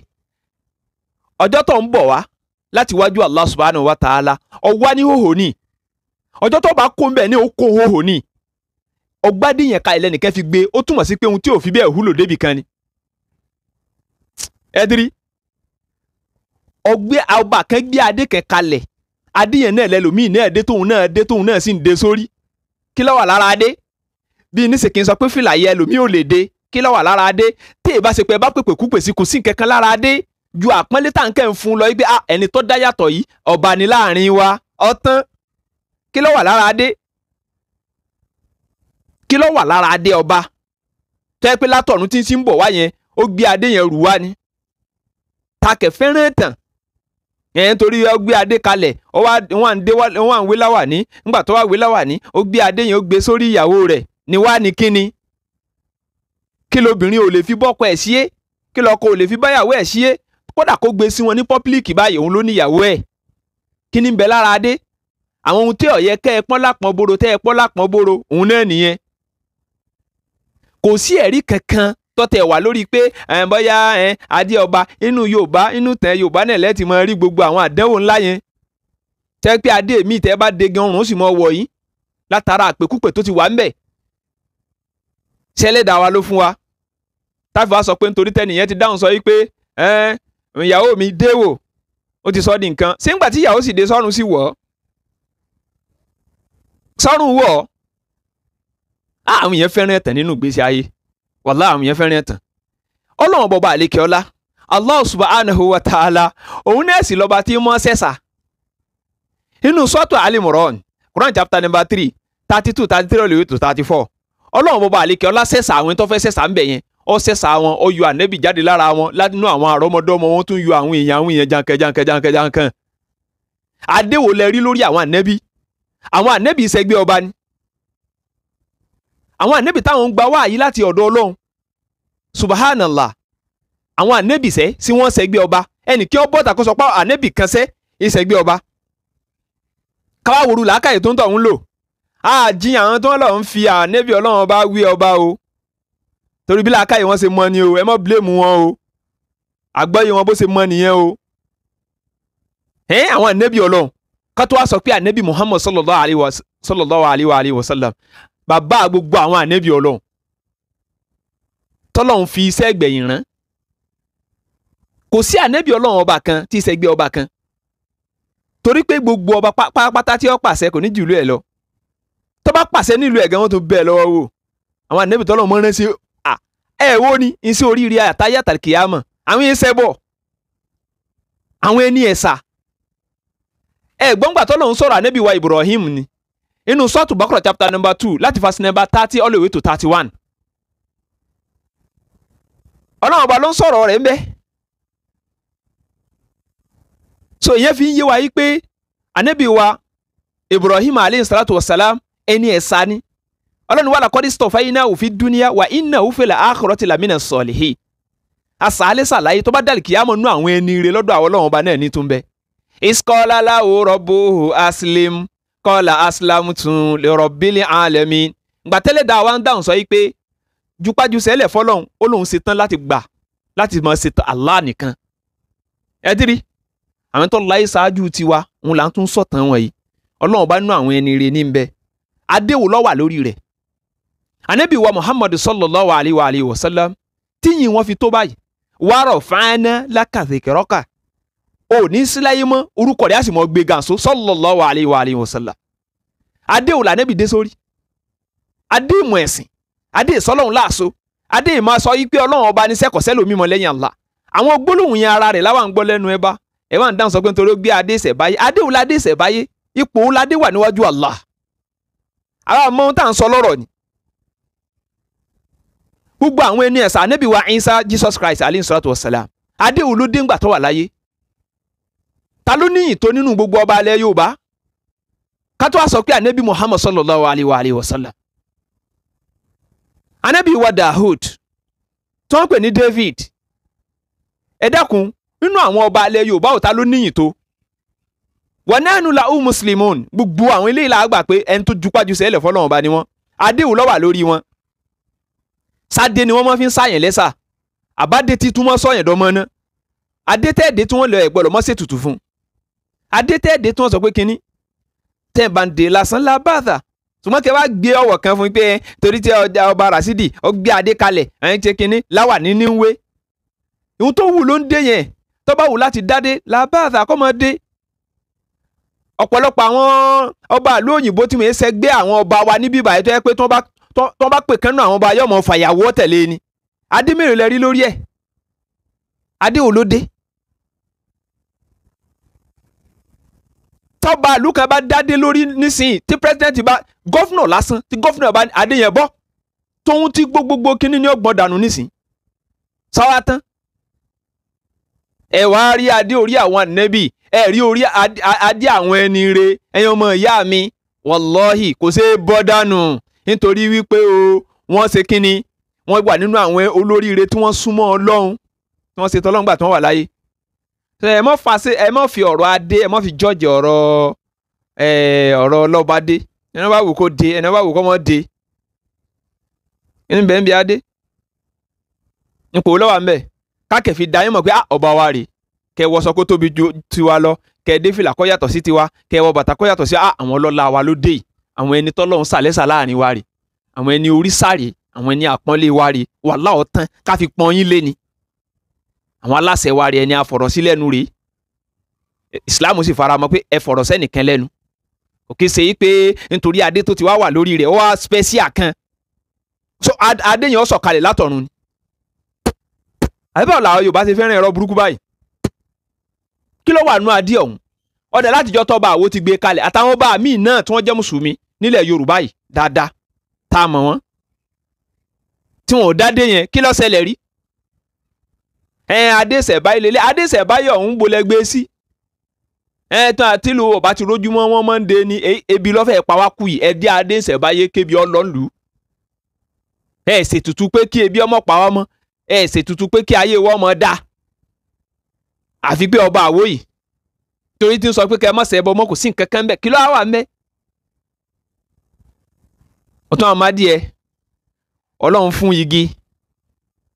ọjọ́ tó ń bọ̀ wá láti wájú Allah subhanahu wa ta'ala ọwá ní hòhò ní ọjọ́ tó bá kó ń bẹ̀ ní okó hòhò ní ọgbádìyàn ka ẹlẹ́nìkẹ́ fi gbé ó túmọ̀ sí pé ohun tí ò fi bẹ́ẹ̀ húlò débì kan ni ẹ dirí ọgbẹ́ ọba kan gbé adé kan kalẹ̀ adé yẹn náà lẹ́lòmíì náà dé tóun náà dé tóun náà sì ń dé sórí kí ló wà lára adé bíi nísìkí n sọ pé fìlà yẹ ẹlòmíì ò lè dé kí ló wà lára adé tí èyí bá ṣe pé bá pèpè kú pèsè kò sí nǹkan kan lára adé ju àpọ́nlé tá à ń kẹ́ ń lọ yí ah, ẹni tó dá yàtọ̀ yìí ọba ni láàrin wa ọtán kí ló wà lára adé kí ló wà lára adé ọba tó yẹ pé látọ̀run tí ń bọ̀ wá yẹn ó gbé adé yẹn rù wá ni takẹ̀ fẹ́ràn tàn yẹn torí ó gbé adé kalẹ̀ ó wá wọn à ń wé láwàní nígbà tó wà wé láwàní ó gbé adé yẹn ó gbé sórí ìyàwó rẹ̀ ni wá ní kíni kí lobìnrin ò lè fi bọ́kọ ẹ̀ síyé kí lọkọ ò lè fi báyàwó ẹ̀ síyé kódà kó gbé sí wọn ní pọ́pílìkì báyìí òun ló ní ìyàwó ẹ̀ kí ni bẹ lára adé àwọn ohun tí ó kẹ́ ẹ pọ́n lápọn boro tẹ́ ẹ pọ́n lápọn boro òun náà nìyẹn kò sí ẹ̀rí kankan tọ́tẹ̀ wà lórí pé bóyá adé ọba inú yorùbá inú tẹ̀ yorùbá náà lẹ́tì mọ rí gbogbo àwọn àdánwò ńlá yẹn tẹ́ pé adé mi tẹ́ bá dege ọrùn ó sì mọ wọ̀ yín látara àpèkúpè tó ti wà ńbẹ̀ ṣẹlẹ́dàá wa ló fún wa táfíwá sọ pé nítorí tẹ́nìyẹn ti dáhùn sọ yí pé ìyàwó mi déwò ó ti sọ di nǹkan ṣé ńgbà tí ìyàwó sì dé sọ́run sì wọ̀ sọ́run wọ̀ àwọn èèyàn fẹ́ràn ẹ̀tàn nínú ìgbésí ayé wàlá àwọn yẹn fẹ́ràn ẹ̀tàn ọlọ́run bọ̀bọ̀ àlékè ọlá allah subhanahu wa ta'ala òun náà sì lọ́ba tí mọ́ sẹ́sà inú sọ́tò alimron quran chapter number three thirty two thirty three olùwé to thirty four ọlọ́run bọ̀bọ̀ àlékè ọlá sẹ́sà àwọn tó fẹ́ sẹ́sà ń bẹ̀ yẹn ó sẹ́sà wọn ó yọ ànẹ́bì jáde lára wọn látinú àwọn àrọ́mọdọ́mọ wọn tún yọ àwọn èèyàn àwọn èèyàn jankẹ jankẹ jankẹ jankẹ adéwòlẹ́rí lórí àwọn ànẹ́bì àwọn ànẹ́bì ìṣẹ́gbẹ́ ọba ni àwọn ànẹ́bì táwọn ń gba wáàyí láti ọ̀dọ̀ ọlọ́run subhanallah àwọn ànẹ́bì sẹ́ sí wọ́n sẹ́gbẹ́ ọba ẹnì kí ọ bọ́ta kó sọ pé ànẹ́bì kan sẹ́ ìsẹ́gbẹ́ ọba káwáwòrú làákàyè tó ń tọ̀ ń lò àjíyàn àwọn tó ń lọ ń fi ànẹ́bì ọlọ́run ọba wí ọba o torí bí làákàyè wọn ṣe mọ ni o ẹ mọ́ bílẹ̀mù wọn o àgbọ́yé wọn bó ṣe mọ nìyẹn o ẹ àwọn ànẹ́bì ọlọ́run ká tó wá sọ pé ànẹ́bì Muhammad sallallahu alayhi wa sallam bàbá gbogbo àwọn ànẹ́bí ọlọ́run tọ́lọ́run fi iṣẹ́ ẹgbẹ̀yìn rán kò sí ànẹ́bí ọlọ́run ọba kan tí í ṣẹgbẹ́ ọba kan torí pé gbogbo ọba pátápátá tí ó pàṣẹ kò ní jùlọ ẹ̀ lọ tó bá pàṣẹ nílùú ẹ̀ gan wọ́n tó bẹ́ẹ̀ lọ́wọ́ wò àwọn ànẹ́bí tọ́lọ́run mọ́ ránṣẹ́ ẹ̀ wo ni iṣẹ́ oríire àtàyè àtàkìyàmọ̀ àwọn iṣẹ́ bọ̀ àwọn ẹni ẹ̀sà ẹ̀ gbọ́ngbà tọ́lọ́run sọ̀rọ̀ ànẹ́bí wa Ibrahim ni inú sọ́ọ̀tù bọ́kọ̀rọ̀ chapter number two láti verse number thirty all the way to thirty one. ọlọ́run ọba ló ń sọ̀rọ̀ rẹ̀ ń bẹ́. so ìyẹn fi ń yé wa yí pé ànábì wa ibrahim aleyhi salatu wa salam ẹni ẹ̀sà ni ọlọ́run wà lákọ́dí stọ̀fà iná òfin dúníà wà iná òfin là áhùrọ̀ ti làmínà sọ̀lìhì asàálẹ̀ sàlàyé tó bá dàlí kìyàmọ̀ nú àwọn ẹni rẹ̀ lọ́dọ̀ àwọn ọlọ́run ọba náà ní túnbẹ̀. iskọ́lá láwùrọ̀ bò aslim kọ́lá asilamu tún lè rọ bílí alẹ́mi gbàtẹ́lẹ̀ dá wa ń dáhùn sọ yìí pé jupájú sẹ́lẹ̀ fọlọ́hún ó lóun ṣe tán láti gbà láti mọ̀ ṣe tán Allah nìkan ẹ dírí àwọn tó láyé ṣáájú tiwa òun là ń tún sọ̀tàn wọ̀nyí ọlọ́run bá nú àwọn ẹni rẹ̀ ní adéwò ló wà lórí rẹ̀ anabi wa muhammadu sallallahu alayhi wa alayhi wa sallam tíyìn wọn fi tó báyìí wàrọ̀ fáánà lákàtẹ̀kẹ̀rọ́kà o ò ní síláyé mọ́ orúkọ rẹ̀ á sì mọ́ gbé gànso sallallahu alaihi wa alihi wasallam adé òun lànẹ́bì dé sórí adé ìmọ̀ ẹ̀sìn adé ìsọlọ́run láàṣọ adé ìmọ̀ sọ wípé ọlọ́run ọba ní sẹ́kọ̀ọ́sẹ́ lómi mọ̀ lẹ́yìn Allah àwọn gbólóhùn yẹn ara rẹ̀ láwọn ń gbọ́ lẹ́nu ẹ bá ẹ wá ń dáhùn sọ pé nítorí ó gbé adé ìṣẹ̀báyé adé òun ládé ipò òun ládé wà níwájú Allah àwọn ọmọ ohun tá à ń sọ lọ́rọ̀ ni gbogbo àwọn ẹni ẹ̀sà ànábì wa Isa Jesus Christ alayhi salatu wa salam adé òun ló dé ńgbà tó wà láyé ta ló ní ìtò nínú gbogbo ọba alẹ́ Yorùbá ká tó wá sọ pé anabi Muhammad sallallahu alayhi wa alayhi wa sallam anabi wa Dahud tó ń pè ní David ẹ dákun nínú àwọn ọba alẹ́ Yorùbá ò ta ló níyìn tó wọn náà nu làwọn mùsùlùmí gbogbo àwọn ilé ìlà àgbà pé ẹni tó jupájú sẹ́lẹ̀ fọlọ́run ọba ni wọ́n adéhùn lọ́wà lórí wọn sáde ni wọ́n máa fi ń sáyẹn lẹ́sà àbádé tí túmọ̀ sọ̀yẹn dọ́mọ́ ná adé tẹ́ẹ̀dé tí wọ́n lọ ẹ̀gbọ́n lọ́mọ́ ṣètùtù fún adétẹ́ẹ̀dẹ́ tí wọ́n sọ pé kínní tẹ́ ẹ̀ bá ń dè lásán lábàtà ṣùgbọ́n kí ẹ wá gbé ọwọ́ kan fún pé torí tí ọba Rasidi ó gbé adé kalẹ̀ ẹ̀yìn ṣe kínní láwà níní ń wé ìhun tó wù ló ń dé yẹn tó bá wù láti dádé làbáàtà kọ́ mọ́ dé ọ̀pọ̀lọpọ̀ àwọn ọba ìlú òyìnbó tí wọ́n ṣe gbé àwọn ọba wa níbí ìbàyẹ̀ tó yẹ pé tí wọ́n bá pè kánú àwọn ọba yọ̀mọ̀ fàyàwọ́ tẹ̀lé e ni adé mélòó lẹ rí lórí ẹ̀ adé òlódé tọ́ba ìlú kan bá dádé lórí nísìnyí tí pírẹsidẹ́ǹtì bá gọ́fúnà lásán tí gọ́fúnà bá adéyẹn bọ́ tóun tí gbogbogbò kínní ni ó gbọ́n dànù nísìnyí sáwá tán ẹ wá rí adé orí àwọn ànẹ́bì ẹ rí orí adé àwọn ẹni re ẹyin ọmọ ìyá mi wàlọ́hì kò ṣeé bọ́ dànù nítorí wípé o wọ́n ṣe kínni wọ́n wà nínú àwọn olóríire tí wọ́n súnmọ́ ọlọ́run tí wọ́n ṣe tọ́lọ́ngbà tí wọ́n wà láyé ẹ mọ́ fa ṣe ẹ mọ́ fi ọ̀rọ̀ adé ẹ mọ́ fi jọ́ọ̀jì ọ̀rọ̀ ọ̀rọ̀ ọlọ́ba dé ẹni bá wù kó dé ẹni bá wù kó mọ́ dé ẹni bẹ́ẹ̀ ń bi adé ipò lọ́wọ́ àmbẹ̀ káàkẹ́ fi da yín mọ̀ pé ọba wa rèé kẹ wọṣọ kó tóbi ju tiwa lọ kẹ dé fìlà kó yàtọ̀ sí tiwa kẹ wọ bàtà kó yàtọ̀ sí àwọn ọlọ́lá wa ló dé yìí àwọn ẹni tọ́lọ́run sàlẹ́sà láàrin wa rèé àwọn ẹni orí sàrè àwọn ẹni àpọ́nlé wa rèé wàhálà ọ̀tán ká pọ́n yín lé ni àwọn aláṣẹ wa rẹ ni a fọ̀rọ̀ sí lẹ́nu rèé islam sì fara mọ́ pé ẹ fọ̀rọ̀ sẹ́nìkan lẹ́nu òkè ṣe pé nítorí adé tó ti wá wà lórí rẹ̀ ó wá spẹ́síà kan so adé yẹn ó sọ̀kalẹ̀ látọ̀run ni àbẹ́bẹ́ ọ̀la yorùbá ṣe fẹ́ràn ẹ̀rọ burúkú báyìí kí ló wà nú adé ọ̀hún ọ̀dà látijọ́ tọ́ba àwo ti gbé kalẹ̀ àtàwọn bá míì náà tí wọ́n jẹ́ mùsùlùmí nílẹ̀ yorùbá yìí dáadáa tá a mọ̀ wọ́n tí wọn ò dá dé yẹn kí ló ṣẹlẹ̀ rí ẹn adéṣẹ̀báyé lélẹ̀ adéṣẹ̀báyé ọ̀hún bolẹ̀ gbé sí ẹn tán àtìlú ọba ti rójúmọ́ wọn máa ń de ni e, ebi lọ́fẹ̀ẹ́ pawákù yìí ẹdí adéṣẹ̀báyé kébi ọlọ́ọ̀lù ẹ ṣètùtù pé kí ebi ọmọ pa ọmọ ẹ ṣètùtù pé kí ayé wọn mọ dá àfi pé ọba àwò yìí torí tí ń sọ pé kẹ ẹ mọ̀ sẹ́bọ̀ mọ́ kò sí nǹkan kan bẹ́ẹ̀ kí ló wà ń bẹ́ẹ̀ ọ̀tún àmàdìẹ ọlọ́run fún igi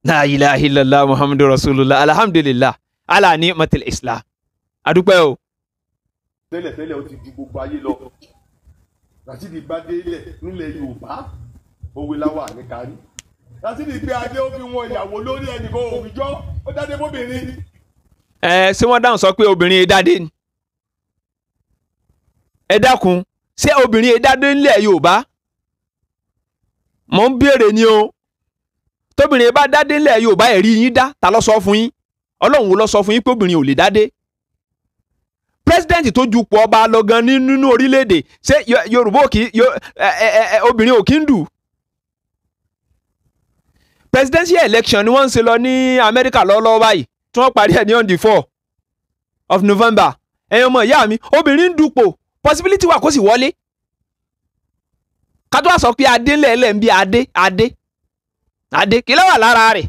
la ilaha illallah muhammadu rasulullah alhamdulillah ala ni matil islam adúpẹ́ o. tẹ́lẹ̀tẹ́lẹ̀ o ti ju gbogbo ayé lọ rasidi bá délẹ̀ nílẹ̀ yorùbá òwe láwà ní kárí rasidi gbé adé ó fi wọn ìyàwó lórí ẹnìkan òwújọ ó dáadé bóbìnrin. ẹ ṣé wọn dáhùn sọ pé obìnrin dáadé ni ẹ dákun ṣé obìnrin dáadé nílẹ̀ yorùbá mò ń béèrè ni o tóbìnrin bá dádé ńlẹ̀ Yorùbá ẹ̀rí yín dá ta ló sọ fún yín Ọlọ́run wo ló sọ fún yín pé obìnrin ò lè dádé president tó ju pọ̀ ọba lọ gan nínú orílẹ̀-èdè ṣé Yorùbá kì í obìnrin ò kí ń dù presidential election ni wọ́n ń ṣe lọ ní Amẹ́ríkà lọ́wọ́lọ́wọ́ báyìí tí wọ́n parí ẹ̀ ní on the four of November ẹ̀yin ọmọ ìyá mi obìnrin ń dupò possibility wà kó sì wọlé ká tó wá sọ pé adé ńlẹ̀ ẹlẹ́ ń bí adé adé àdèkí ló wà lára rẹ̀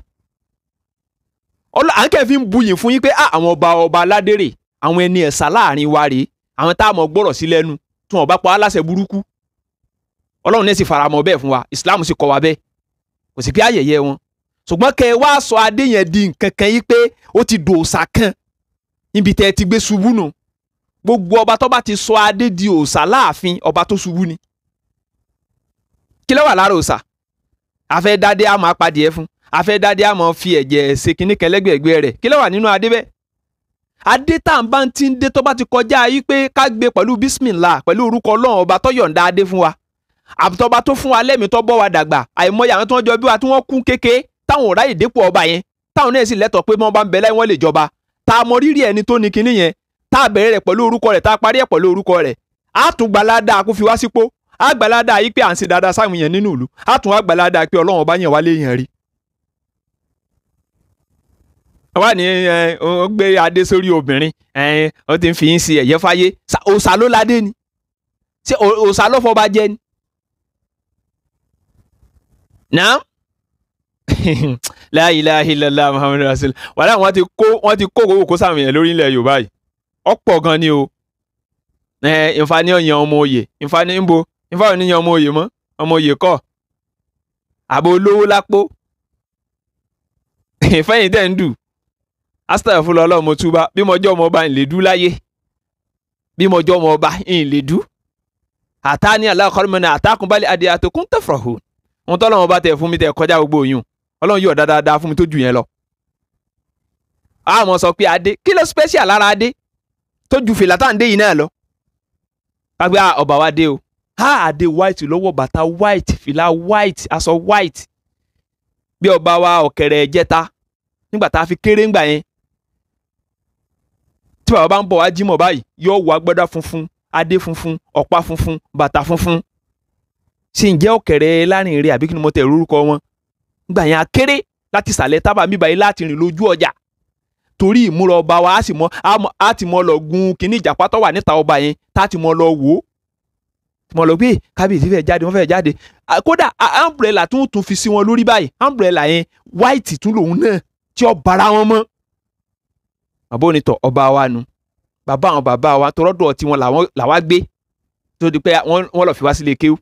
à ń kẹ́ fi ń buyì fún yín pé ah, àwọn ọba ọba aládé àwọn ẹni ẹ̀sà láàrin wa rèé àwọn tá a mọ̀ gbọ́rọ̀ sí lẹ́nu tí wọ́n bá pa á láṣẹ burúkú ọlọ́run náà sì faramọ́ bẹ́ẹ̀ fún wa ìsìláàmù sì kọ́ wa bẹ́ẹ̀ kò sí pé ayẹyẹ wọn ṣùgbọ́n kẹ́ ẹ wá sọ adé yẹn di nǹkan kan yí pé ó ti dòòṣà kan níbi tẹ́ ẹ ti gbé ṣubú nù gbogbo ọba tó bá ti sọ adé di òòṣà láàfin ọba tó ṣubú ni kí ló wà lára òòṣà afẹ́ dádé àmọ́ apadìẹ fún afẹ́ dádé àmọ́ fi ẹ̀jẹ̀ ṣe kínní kẹlẹ́gbẹ̀gbẹ̀ rẹ̀ kí ló wà nínú adé bẹ́ẹ̀ adé tá à ń bá ti ń dé tó bá ti kọjá yí pé ká gbé pẹ̀lú bísímìlà pẹ̀lú orúkọ ọlọ́run ọba tó yọ̀ǹda adé fún wa àbùtọ́ba tó fún wa lẹ́mìí tó bọ́ wa dàgbà àìmọye àwọn tó ń jọ bí wa tí wọ́n kú kéke táwọn ò ráyè dépò ọba yẹn táwọn náà sì lẹ́tọ̀ọ́ pé wọ́n bá ń bẹ láì wọ́n lè jọba tá a mọ rírì ẹni tó ní kinní yẹn tá a bẹ̀rẹ̀ rẹ̀ pẹ̀lú orúkọ rẹ̀ tá a parí ẹ̀ pẹ̀lú orúkọ rẹ̀ á tún gbalada kó fi wá sípò Agbalada yìí pé à ń ṣe dáadáa sáwọn èèyàn nínú ìlú àtún àgbàládà pé ọlọ́run ọba yẹn wá léèyàn rí. wà ní ẹ ọ gbé adé sórí obìnrin ẹ ọ ti ń fi yín sí ẹ̀yẹ fáyé òòṣà ló ládé ni ṣé òòṣà lọ́fọ́ bá jẹ́ ni. náà la ilaha illallah muhammadu rasul wàhálà wọn ti kó wọn ti kó owó kó sáwọn èèyàn lórí ilẹ̀ yorùbá yìí ọ̀pọ̀ gan ni o ẹ ìfani ọ̀yàn ọmọ òye ìfani bo nífà ò níyan ọmọ òye mọ́ ọmọ òye kọ́ àbò olówó lápò ìfẹ́yìn tẹ̀ ń dù astara fúnra ọlọ́mọ túbá bí mo jọ́ ọmọ ọba ìlèdú láyé bí mo jọ́ ọmọ ọba ìlèdú àtàní aláàkọ́rìmọ́ni àtàkùnbalẹ̀ adìyẹ àtòkùn tẹ̀fọ̀rọ̀hù ń tọ́ ọlọ́run ọba tẹ̀ fún mi tẹ̀ kọjá gbogbo òyìn ọlọ́run yóò dáadáa fún mi tó jù yẹn lọ. àmọ́ sọ pé adé kí ló special lára adé tó ju fìlà tá à ń dé yìí náà lọ. kágbé ah, ọba wa dé o ha àdé white lọ́wọ́ bàtà white fìlà white aṣọ white bí ọba wa ọ̀kẹ́rẹ́ jẹ́ta nígbà tá a fi kéré ńgbà yẹn tí bàbá bá ń bọ̀ wá jímọ̀ báyìí yóò wọ agbádá funfun adé funfun ọ̀pá funfun bàtà funfun ṣì ń jẹ́ ọ̀kẹ́rẹ́ lárinrin àbí kí ni mo tẹ̀ rúrúkọ wọn ńgbà yẹn a kéré láti ìsàlẹ̀ tábà mi báyìí láti rìn lójú ọjà torí ìmúra ọba wa a sì mọ a ti mọ lọ gun kíní ìjàpá tó wà níta ọba yẹn tá a ti mọ lọ wò mo lọ gbé kábíyèsí fẹ́ jáde wọ́n fẹ́ jáde kódà umbrella tún tún fi sí wọn lórí báyìí umbrella yẹn white tún lòun náà tí ó bara wọn mọ́ bàbá onítọ̀ ọba wa nu bàbá àwọn bàbá wa tọrọdọ̀ tí wọn làwa gbé tó di pé wọ́n lọ fi wá sílé kéwù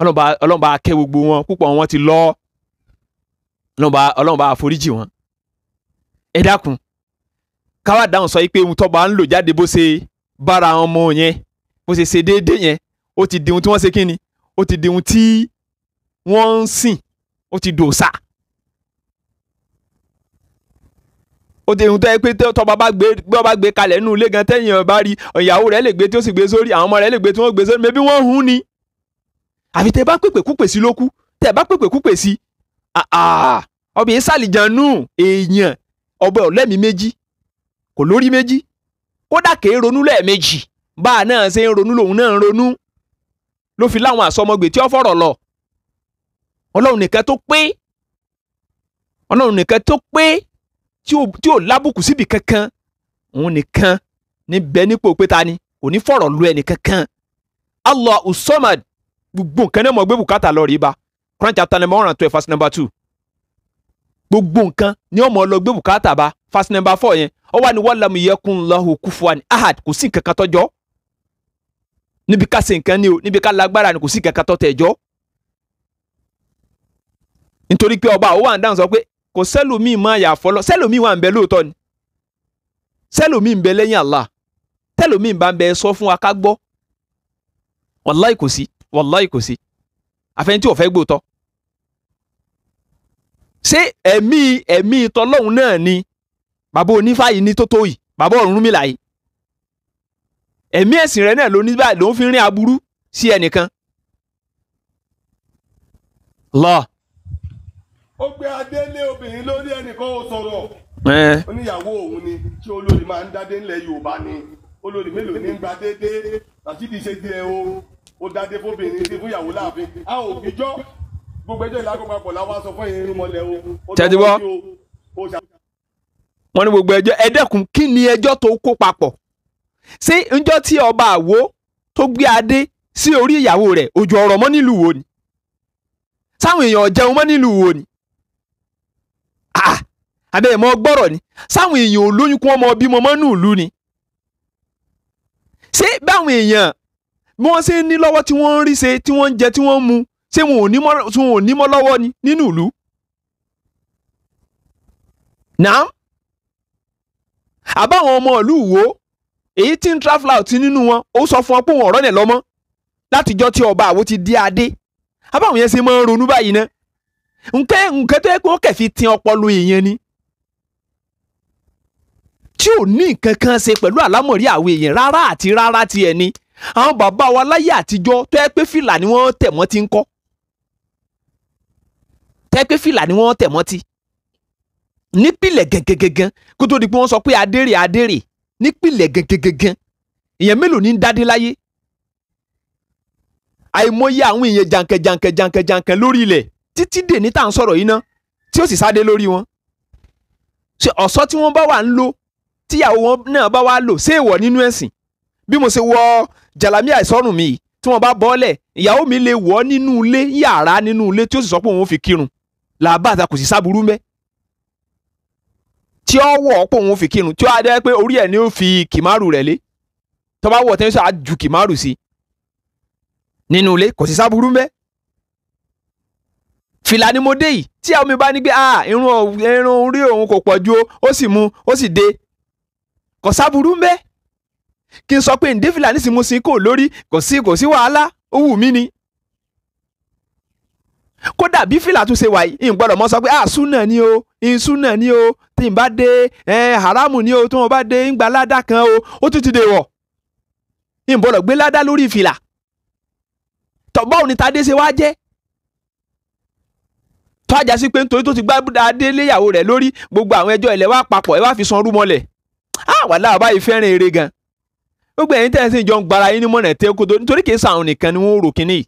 ọlọ́run bá kẹ́ gbogbo wọn púpọ̀ wọn ti lọ ọlọ́run bá foríjì wọn ẹ dákun káwá dáhùn sọ pé ohun tó bá ń lò jáde bó ṣe bára wọn mọ yẹn bó ṣe ṣe déédéé yẹn ó ti di ohun tí wọ́n ṣe kíni ó ti di ohun tí wọ́n ń sìn ó ti dòṣà. ó ti ohun tó yẹ pé tọ́ba bá gbé bọ́ba gbé kalẹ̀ nínú ilé gan tẹ́yìn ọba rí ìyàwó rẹ̀ lè gbé tí ó sì gbé sórí àwọn ọmọ rẹ̀ lè gbé tí wọ́n gbé sórí mẹ́bí wọ́n hun ni. àfi tẹ bá pèpè kúpè sí lókù tẹ bá pèpè kúpè sí ọbẹ̀ yìí sàlìjànú èèyàn ọbẹ̀ ọ̀lẹ́mìí méjì kò lórí méjì kódà kéé ronú lẹ́ẹ̀mejì bá náà ṣe ń ronú lòun náà ń ronú ló fi láwọn àsọmọgbè tí ó fọ̀rọ̀ lọ ọlọ́run nìkan tó pé ọlọ́run nìkan tó pé tí ò lábùkù síbi kankan òun nìkan níbẹ̀ nípò pé ta ni kò ní fọ̀rọ̀ lu ẹnì kankan Allah usomad gbogbo nǹkan náà mọ̀ gbé bùkátà lọ rí ba Quran chapter number one and twelve verse number two gbogbo nǹkan ni ọmọ lọ gbé bùkátà ba Fast number four yẹn ó wà ní walam yakun lahu kufuwan ahad kò sí nǹkan kan tọ́jọ́ níbi ká ṣe nǹkan ni o níbi ká lágbára ni kò sí kankan tó tẹ̀jọ́ nítorí pé ọba àwọn àdáhùn sọ pé kò sẹ́lòmíì máa yà fọlọ́ sẹ́lòmíì wà ń bẹ lóòótọ́ ni sẹ́lòmíì ń bẹ lẹ́yìn Allah tẹ́lòmíì bá ń bẹ sọ fún wa ká gbọ́ wàláì kò sí wàláì kò sí àfẹ́ni tí ò fẹ́ gbóòótọ́ ṣé ẹ̀mí ẹ̀mí tọlọ́hun náà ni bàbá onífàyè ní tótó yìí bàbá Ọ̀rúnmìlà yìí ẹ̀mí ẹ̀sìn rẹ náà ló ní báyìí ló ń fi rin aburú sí ẹnìkan. lọ. ó gbé adé obìnrin lórí ẹnìkan ó sọ̀rọ̀. oníyàwó òun ni tí olórí máa ń dádé ńlẹ̀ Yorùbá ni olórí mélòó ní gba dédé làṣídìí ṣe tiẹ̀ e o ó dádé fóbìnrin sí fúnyàwó láàfin a ò fi jọ́ gbogbo ẹjọ́ ìlàgbọ̀n papọ̀ làwọn aṣọ fún ìrìn mọ́lẹ̀ o. tẹ́tí wọ́n ní gbogbo ẹjọ́ ẹ kí ni ẹjọ́ tó kó papọ̀ ṣé ńjọ́ tí ọba àwo tó gbé adé sí orí ìyàwó rẹ̀ òjò ọ̀rọ̀ mọ́ nílùú wo ni sáwọn èèyàn jẹun mọ́ nílùú wo ni àbẹ̀yẹ̀ mọ́ gbọ́rọ̀ ni sáwọn èèyàn olóyún kún ọmọ bímọ mọ́ nù ìlú ni ṣé báwọn èèyàn bí wọ́n ṣe ń ní lọ́wọ́ tí wọ́n ń rí ṣe tí wọ́n ń jẹ tí wọ́n ń mu ṣé wọn ò ní mọ́ lọ́wọ́ ni nínú ìlú náà àbáwọn ọmọ ìlú wo èyí tí ń travel out nínú wọn ó sọ fún wọn pé òun ọ̀rọ̀ nẹ̀ lọ́mọ́ látijọ́ tí ọba àwo ti dé adé abáwọn yẹn ṣe máa ń ronú báyìí náà nǹkan nǹkan tó yẹ pé ó kẹ̀ fi tin ọpọlọ èèyàn ni tí ò ní nǹkan kan ṣe pẹ̀lú àlámọ̀rí àwọn èèyàn rárá àti rárá tiẹ̀ ni àwọn bàbá wa láyé àtijọ́ tó yẹ pé fìlà ni wọ́n tẹ̀ mọ́ ti ń kọ́ tó yẹ pé fìlà ni wọ́n tẹ̀ mọ́ ti nípìlẹ̀ gẹ́gẹ́gẹ́gẹ́ kó tó di pé wọ́n sọ pé adérè adérè nípìnlẹ̀ gangan èèyàn mélòó ní dádé láyé àìmọye àwọn èèyàn jàǹkàn jàǹkàn jàǹkàn jàǹkàn lórí ilẹ̀ títí dè ní tà ń sọ̀rọ̀ yìí ná tí ó sì sáde lórí wọn ṣe ọ̀ṣọ́ tí wọ́n bá wà ń lò tíyàwó wọn náà bá wà lò ṣé èèwọ̀ nínú ẹ̀sìn bí mo ṣe wọ jàlámíà ìsọ̀rùn mi yìí tí wọ́n bá bọ́ọ̀lẹ̀ ìyàwó mi lè wọ̀ nínú ilé yàrá nínú ilé tí ó sì sọ pé òun fi kírun làbá àtàkùn sí sábúrú mẹ́ tí ó wọ̀ ọ́ pò ń fi kírun tí ó adé pé orí ẹ̀ ni ó fi kìmárù rẹ̀ lé tó bá wọ̀ tẹ́ńsọ̀ á ju kìmárù sí nínú ilé kò sí sábúrú mbẹ́ fìlà ni mo dé yìí tí àwọn mi bá ní pé ah irun irun orí òun kò pọ̀ ju ó sì mu ó sì de kò sábúrú mbẹ́ kí n sọ pé ǹdé fìlà nísìmú sí kò lórí kò sí kò sí wàhálà ó wù mí ni kódà bí fìlà tún ṣe wà yìí n gbọ́dọ̀ sọ pé ah súnà ni o ìsúnà ni o tí n bá dé eh, haramu ni o tí wọn bá dé ń gba ládà kan o ó tún ti dè wọ n gbọ́dọ̀ gbé ládà lórí fìlà tọgbà òní tadé ṣe wá jẹ tó àjà sí pé nítorí tó ti gbá adé léyàwó rẹ̀ lórí gbogbo àwọn ẹjọ́ ilẹ̀ wa papọ̀ ẹ wá fi san rúmọlẹ̀ ah wàhálà báyìí fẹ́ràn eré gan gbogbo ẹ̀yin tẹ̀sí ìjọ ń gbara yín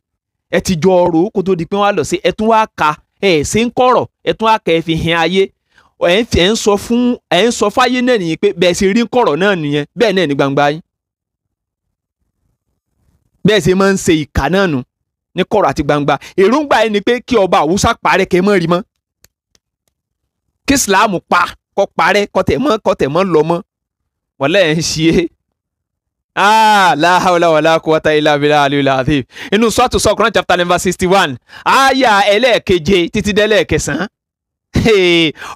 ẹ ti jọ ọ̀rọ̀ kó tó di pé wọ́n á lọ sí ẹ tún wá ka ẹ ṣe ń kọ̀rọ̀ ẹ tún wá ka ẹ fi hàn ayé ẹ ń fi ẹ ń sọ fún ẹ ń sọ fáyé náà nìyẹn pé bẹ́ẹ̀ ṣe rí ń kọ̀rọ̀ náà nìyẹn bẹ́ẹ̀ náà ní gbangba yín bẹ́ẹ̀ ṣe máa ń ṣe ìkà náà nù ní kọ̀rọ̀ àti gbangba èròǹgbà yẹn ni pé kí ọba àwùsá parẹ́ kẹ́ mọ́ rí mọ́ kí Islam pa kọ́ parẹ́ kọ́tẹ̀ mọ́ kọ́tẹ̀ mọ́ lọ mọ́ wọ́n lẹ́yìn ṣe é ah la hawla wala quwwata illa billahi aliyul azim inú sọ́ọ̀tù sọ Quran chapter number sixty one aya ẹlẹ́ẹ̀keje títí dẹ́lẹ́ẹ̀kẹsàn-án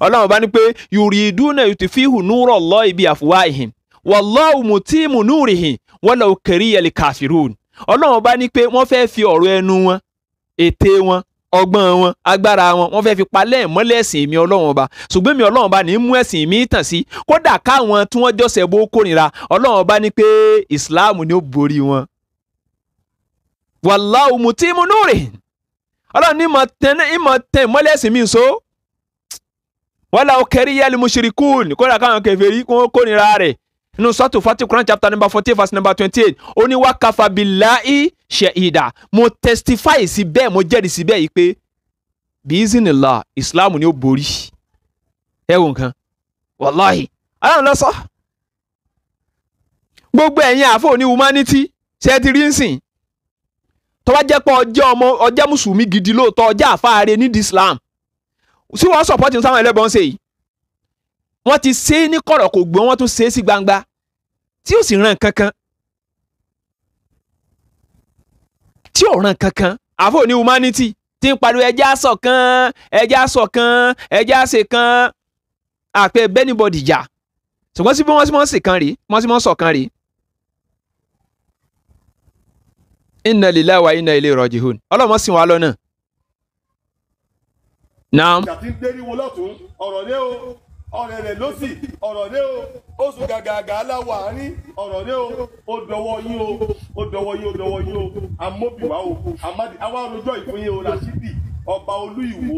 ọlọ́run bá ní pé yuriduna yutfihu nurallahi bi afwahihim wallahu mutimu nurihi walaw kariya al-kafirun ọlọ́run bá ní pé wọ́n fẹ́ fi ọ̀rọ̀ ẹnu wọn ète wọn ọgbọ́n wọn agbára wọn wọ́n fẹ́ fi palẹ̀ mọ́lẹ̀ ẹ̀sìn mi ọlọ́run ọba ṣùgbọ́n mi ọlọ́run ọba ní mú ẹ̀sìn mi tàn sí kódà káwọn tí wọ́n jọ́sẹ̀ bó kórìíra ọlọ́run ọba ní pé islam ni ó borí wọn. wàláhù mutimu nuri ọlọ́run ní ìmọ̀ tẹ ìmọ̀ tẹ mọ́lẹ̀ ẹ̀sìn mi so wàlá ọkẹ́rì yẹ́lì mushrikun kódà káwọn kèfèrí kó kórìíra rẹ̀ nínú sọ́tù fati Quran chapter number fourteen verse number twenty-eight ó ní wákàfà bíláì ṣẹ̀hídà mo testify sí bẹ́ẹ̀ mo jẹ́rìí sí bẹ́ẹ̀ yìí pé biizinila islam ni ó borí ẹ wò nǹkan wàláhì aláàánú lọ sọ gbogbo ẹ̀yin àfọ̀ ní humanity ṣe ti rí nsìn tó bá jẹ́ pé ọjọ́ ọmọ ọjọ́ mùsùlùmí gidi lóòótọ́ ọjọ́ àfáàrẹ nídìí islam sí wọ́n support ní sáwọn ẹlẹ́bọn ṣe yìí wọ́n ti ṣe é ní kọ̀rọ̀ kò gbọ́ wọ́n tún ṣe é sí gbangba tí ó sì ràn kankan tí ọ̀ràn kankan àfọ̀ ní humanity ti ń pariwo ẹjẹ́ àsọ̀ kan ẹjẹ́ àsọ̀ kan ẹjẹ́ àsè kan àpẹ bẹ́nibọ̀dì jà ṣùgbọ́n síbí wọ́n sì mọ́ sí kan rí wọ́n sì mọ́ sọ̀ rí. inna lillahi wa inna ilayhi raji'un ọlọ́mọ sìn wá lọ́nà. naam. ìjà ọ̀rẹ́ rẹ̀ ló sì ọ̀rọ̀ rẹ o oṣù gàgàgà aláwọ̀ àárín ọ̀rọ̀ rẹ o ó dọwọ́ yín o ó dọwọ́ yín ó dọwọ́ yín o amóbìwá o amadi àwa ọlọ́jọ́ ìpínyẹ o Rashidi ọba olú ìwò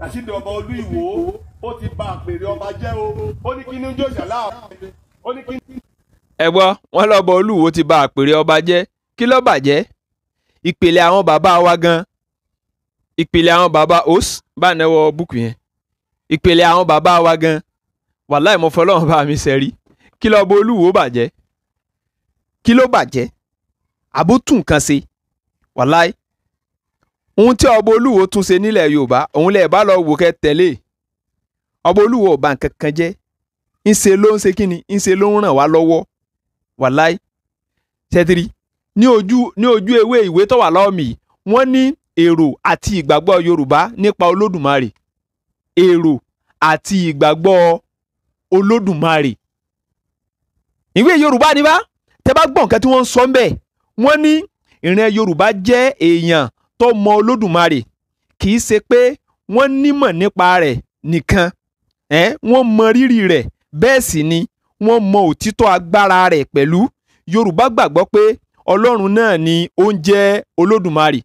Rashidi ọba olú ìwò ó ti ba àpèrè ọba jẹ́ o ó ní kí ní jó ó ní kí ẹ gbọ́ wọn lọ́ba olúwo ti ba àpèrè ọba jẹ́ kí ló bàjẹ́ ìpìlẹ̀ ìpìlẹ̀ àwọn bàbá wa gan wàláì mo fọlọ́run bá mi ṣẹ̀rí kí ló bo olúwo bàjẹ́ kí ló bàjẹ́ àbótú nǹkan ṣe wàláì ohun tí ọba olúwo tún ṣe nílẹ̀ yorùbá òun lẹ̀ bá lọ wò kẹ́ tẹ̀lé ọba olúwo ò bà nǹkan kan jẹ́ ńṣe ló ń ṣe kíni ńṣe ló ń ràn wá lọ́wọ́ wàláì tẹ́tìrì ní ojú ní ojú ewé ìwé tó wà lọ́ọ̀mì wọ́n ní èrò àti ìgbàgbọ́ yorùbá nípa olódùmarè èrò àti ìgbàgbọ́ olódùmarè ìwé yorùbá ni bá tẹ bá gbọ́ nǹkan tí wọ́n ń sọ ńbẹ̀ wọ́n ní ìran yorùbá jẹ́ èèyàn tó mọ olódùmarè kì í ṣe pé wọ́n nímọ̀ nípa rẹ̀ nìkan ẹ̀ wọ́n mọ rírì rẹ̀ bẹ́ẹ̀ sì ni wọ́n mọ òtítọ́ agbára rẹ̀ pẹ̀lú yorùbá gbàgbọ́ pé ọlọ́run náà ni ó olódùmarè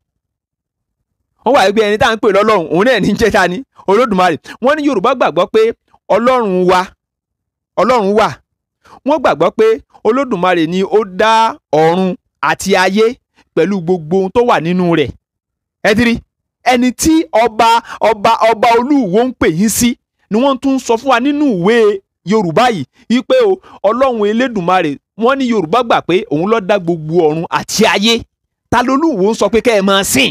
wọ́n wà wípé ẹni tá à ń pè lọ́lọ́run òun náà ní jẹ́ ta ni olódùmarè wọ́n ní yorùbá gbàgbọ́ pé ọlọ́run wa ọlọ́run wà wọ́n gbàgbọ́ pé olódùmarè ni ó dá ọ̀run àti ayé pẹ̀lú gbogbo ohun tó wà nínú rẹ̀ ẹ ti rí ẹni tí ọba ọba ọba olúwo ń pè yín sí ni wọ́n tún sọ fún wa nínú ìwé yorùbá yìí wípé o ọlọ́run elédùmarè wọ́n ní yorùbá gbà pé òun ló dá gbogbo ọ̀run àti ayé ta lolúwo ń sọ pé kẹ́ ẹ máa sìn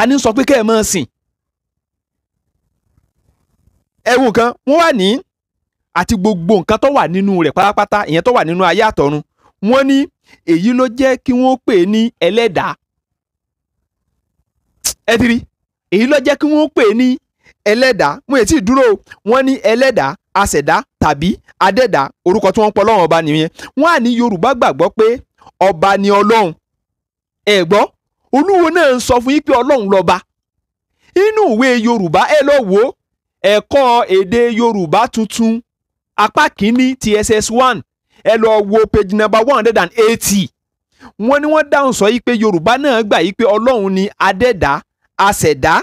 ta ni sọ pé kẹ́ ẹ̀ máa sìn ẹ̀wù kan wọ́n wà ní àti gbogbo nǹkan tó wà nínú rẹ̀ pátápátá ìyẹn tó wà nínú ayé àtọ̀run wọ́n ní èyí ló jẹ́ kí wọ́n pè é ní ẹlẹ́dàá ẹ ti rí èyí ló jẹ́ kí wọ́n pè é ní ẹlẹ́dàá mo yẹ tí dúró wọ́n ní ẹlẹ́dàá aṣẹ̀dá tàbí adẹ́dàá orúkọ tí wọ́n pọ̀ lọ́wọ́ ọba nìyẹn wọ́n á ní Yorùbá gbàgbọ́ pé ọba ni Ọlọ́run ẹ gbọ́ olúwo náà ń sọ fún yín pé ọlọ́run lọ́ba inú ìwé yorùbá ẹ lọ wò ó ẹ̀kọ́ èdè yorùbá tuntun apá kínní ti ss ẹ lọ wo page number one hundred and eighty wọ́n ní wọ́n dáhùn sọ yìí pé yorùbá náà gbà yìí pé ọlọ́run ni adẹ́dá aṣẹ̀dá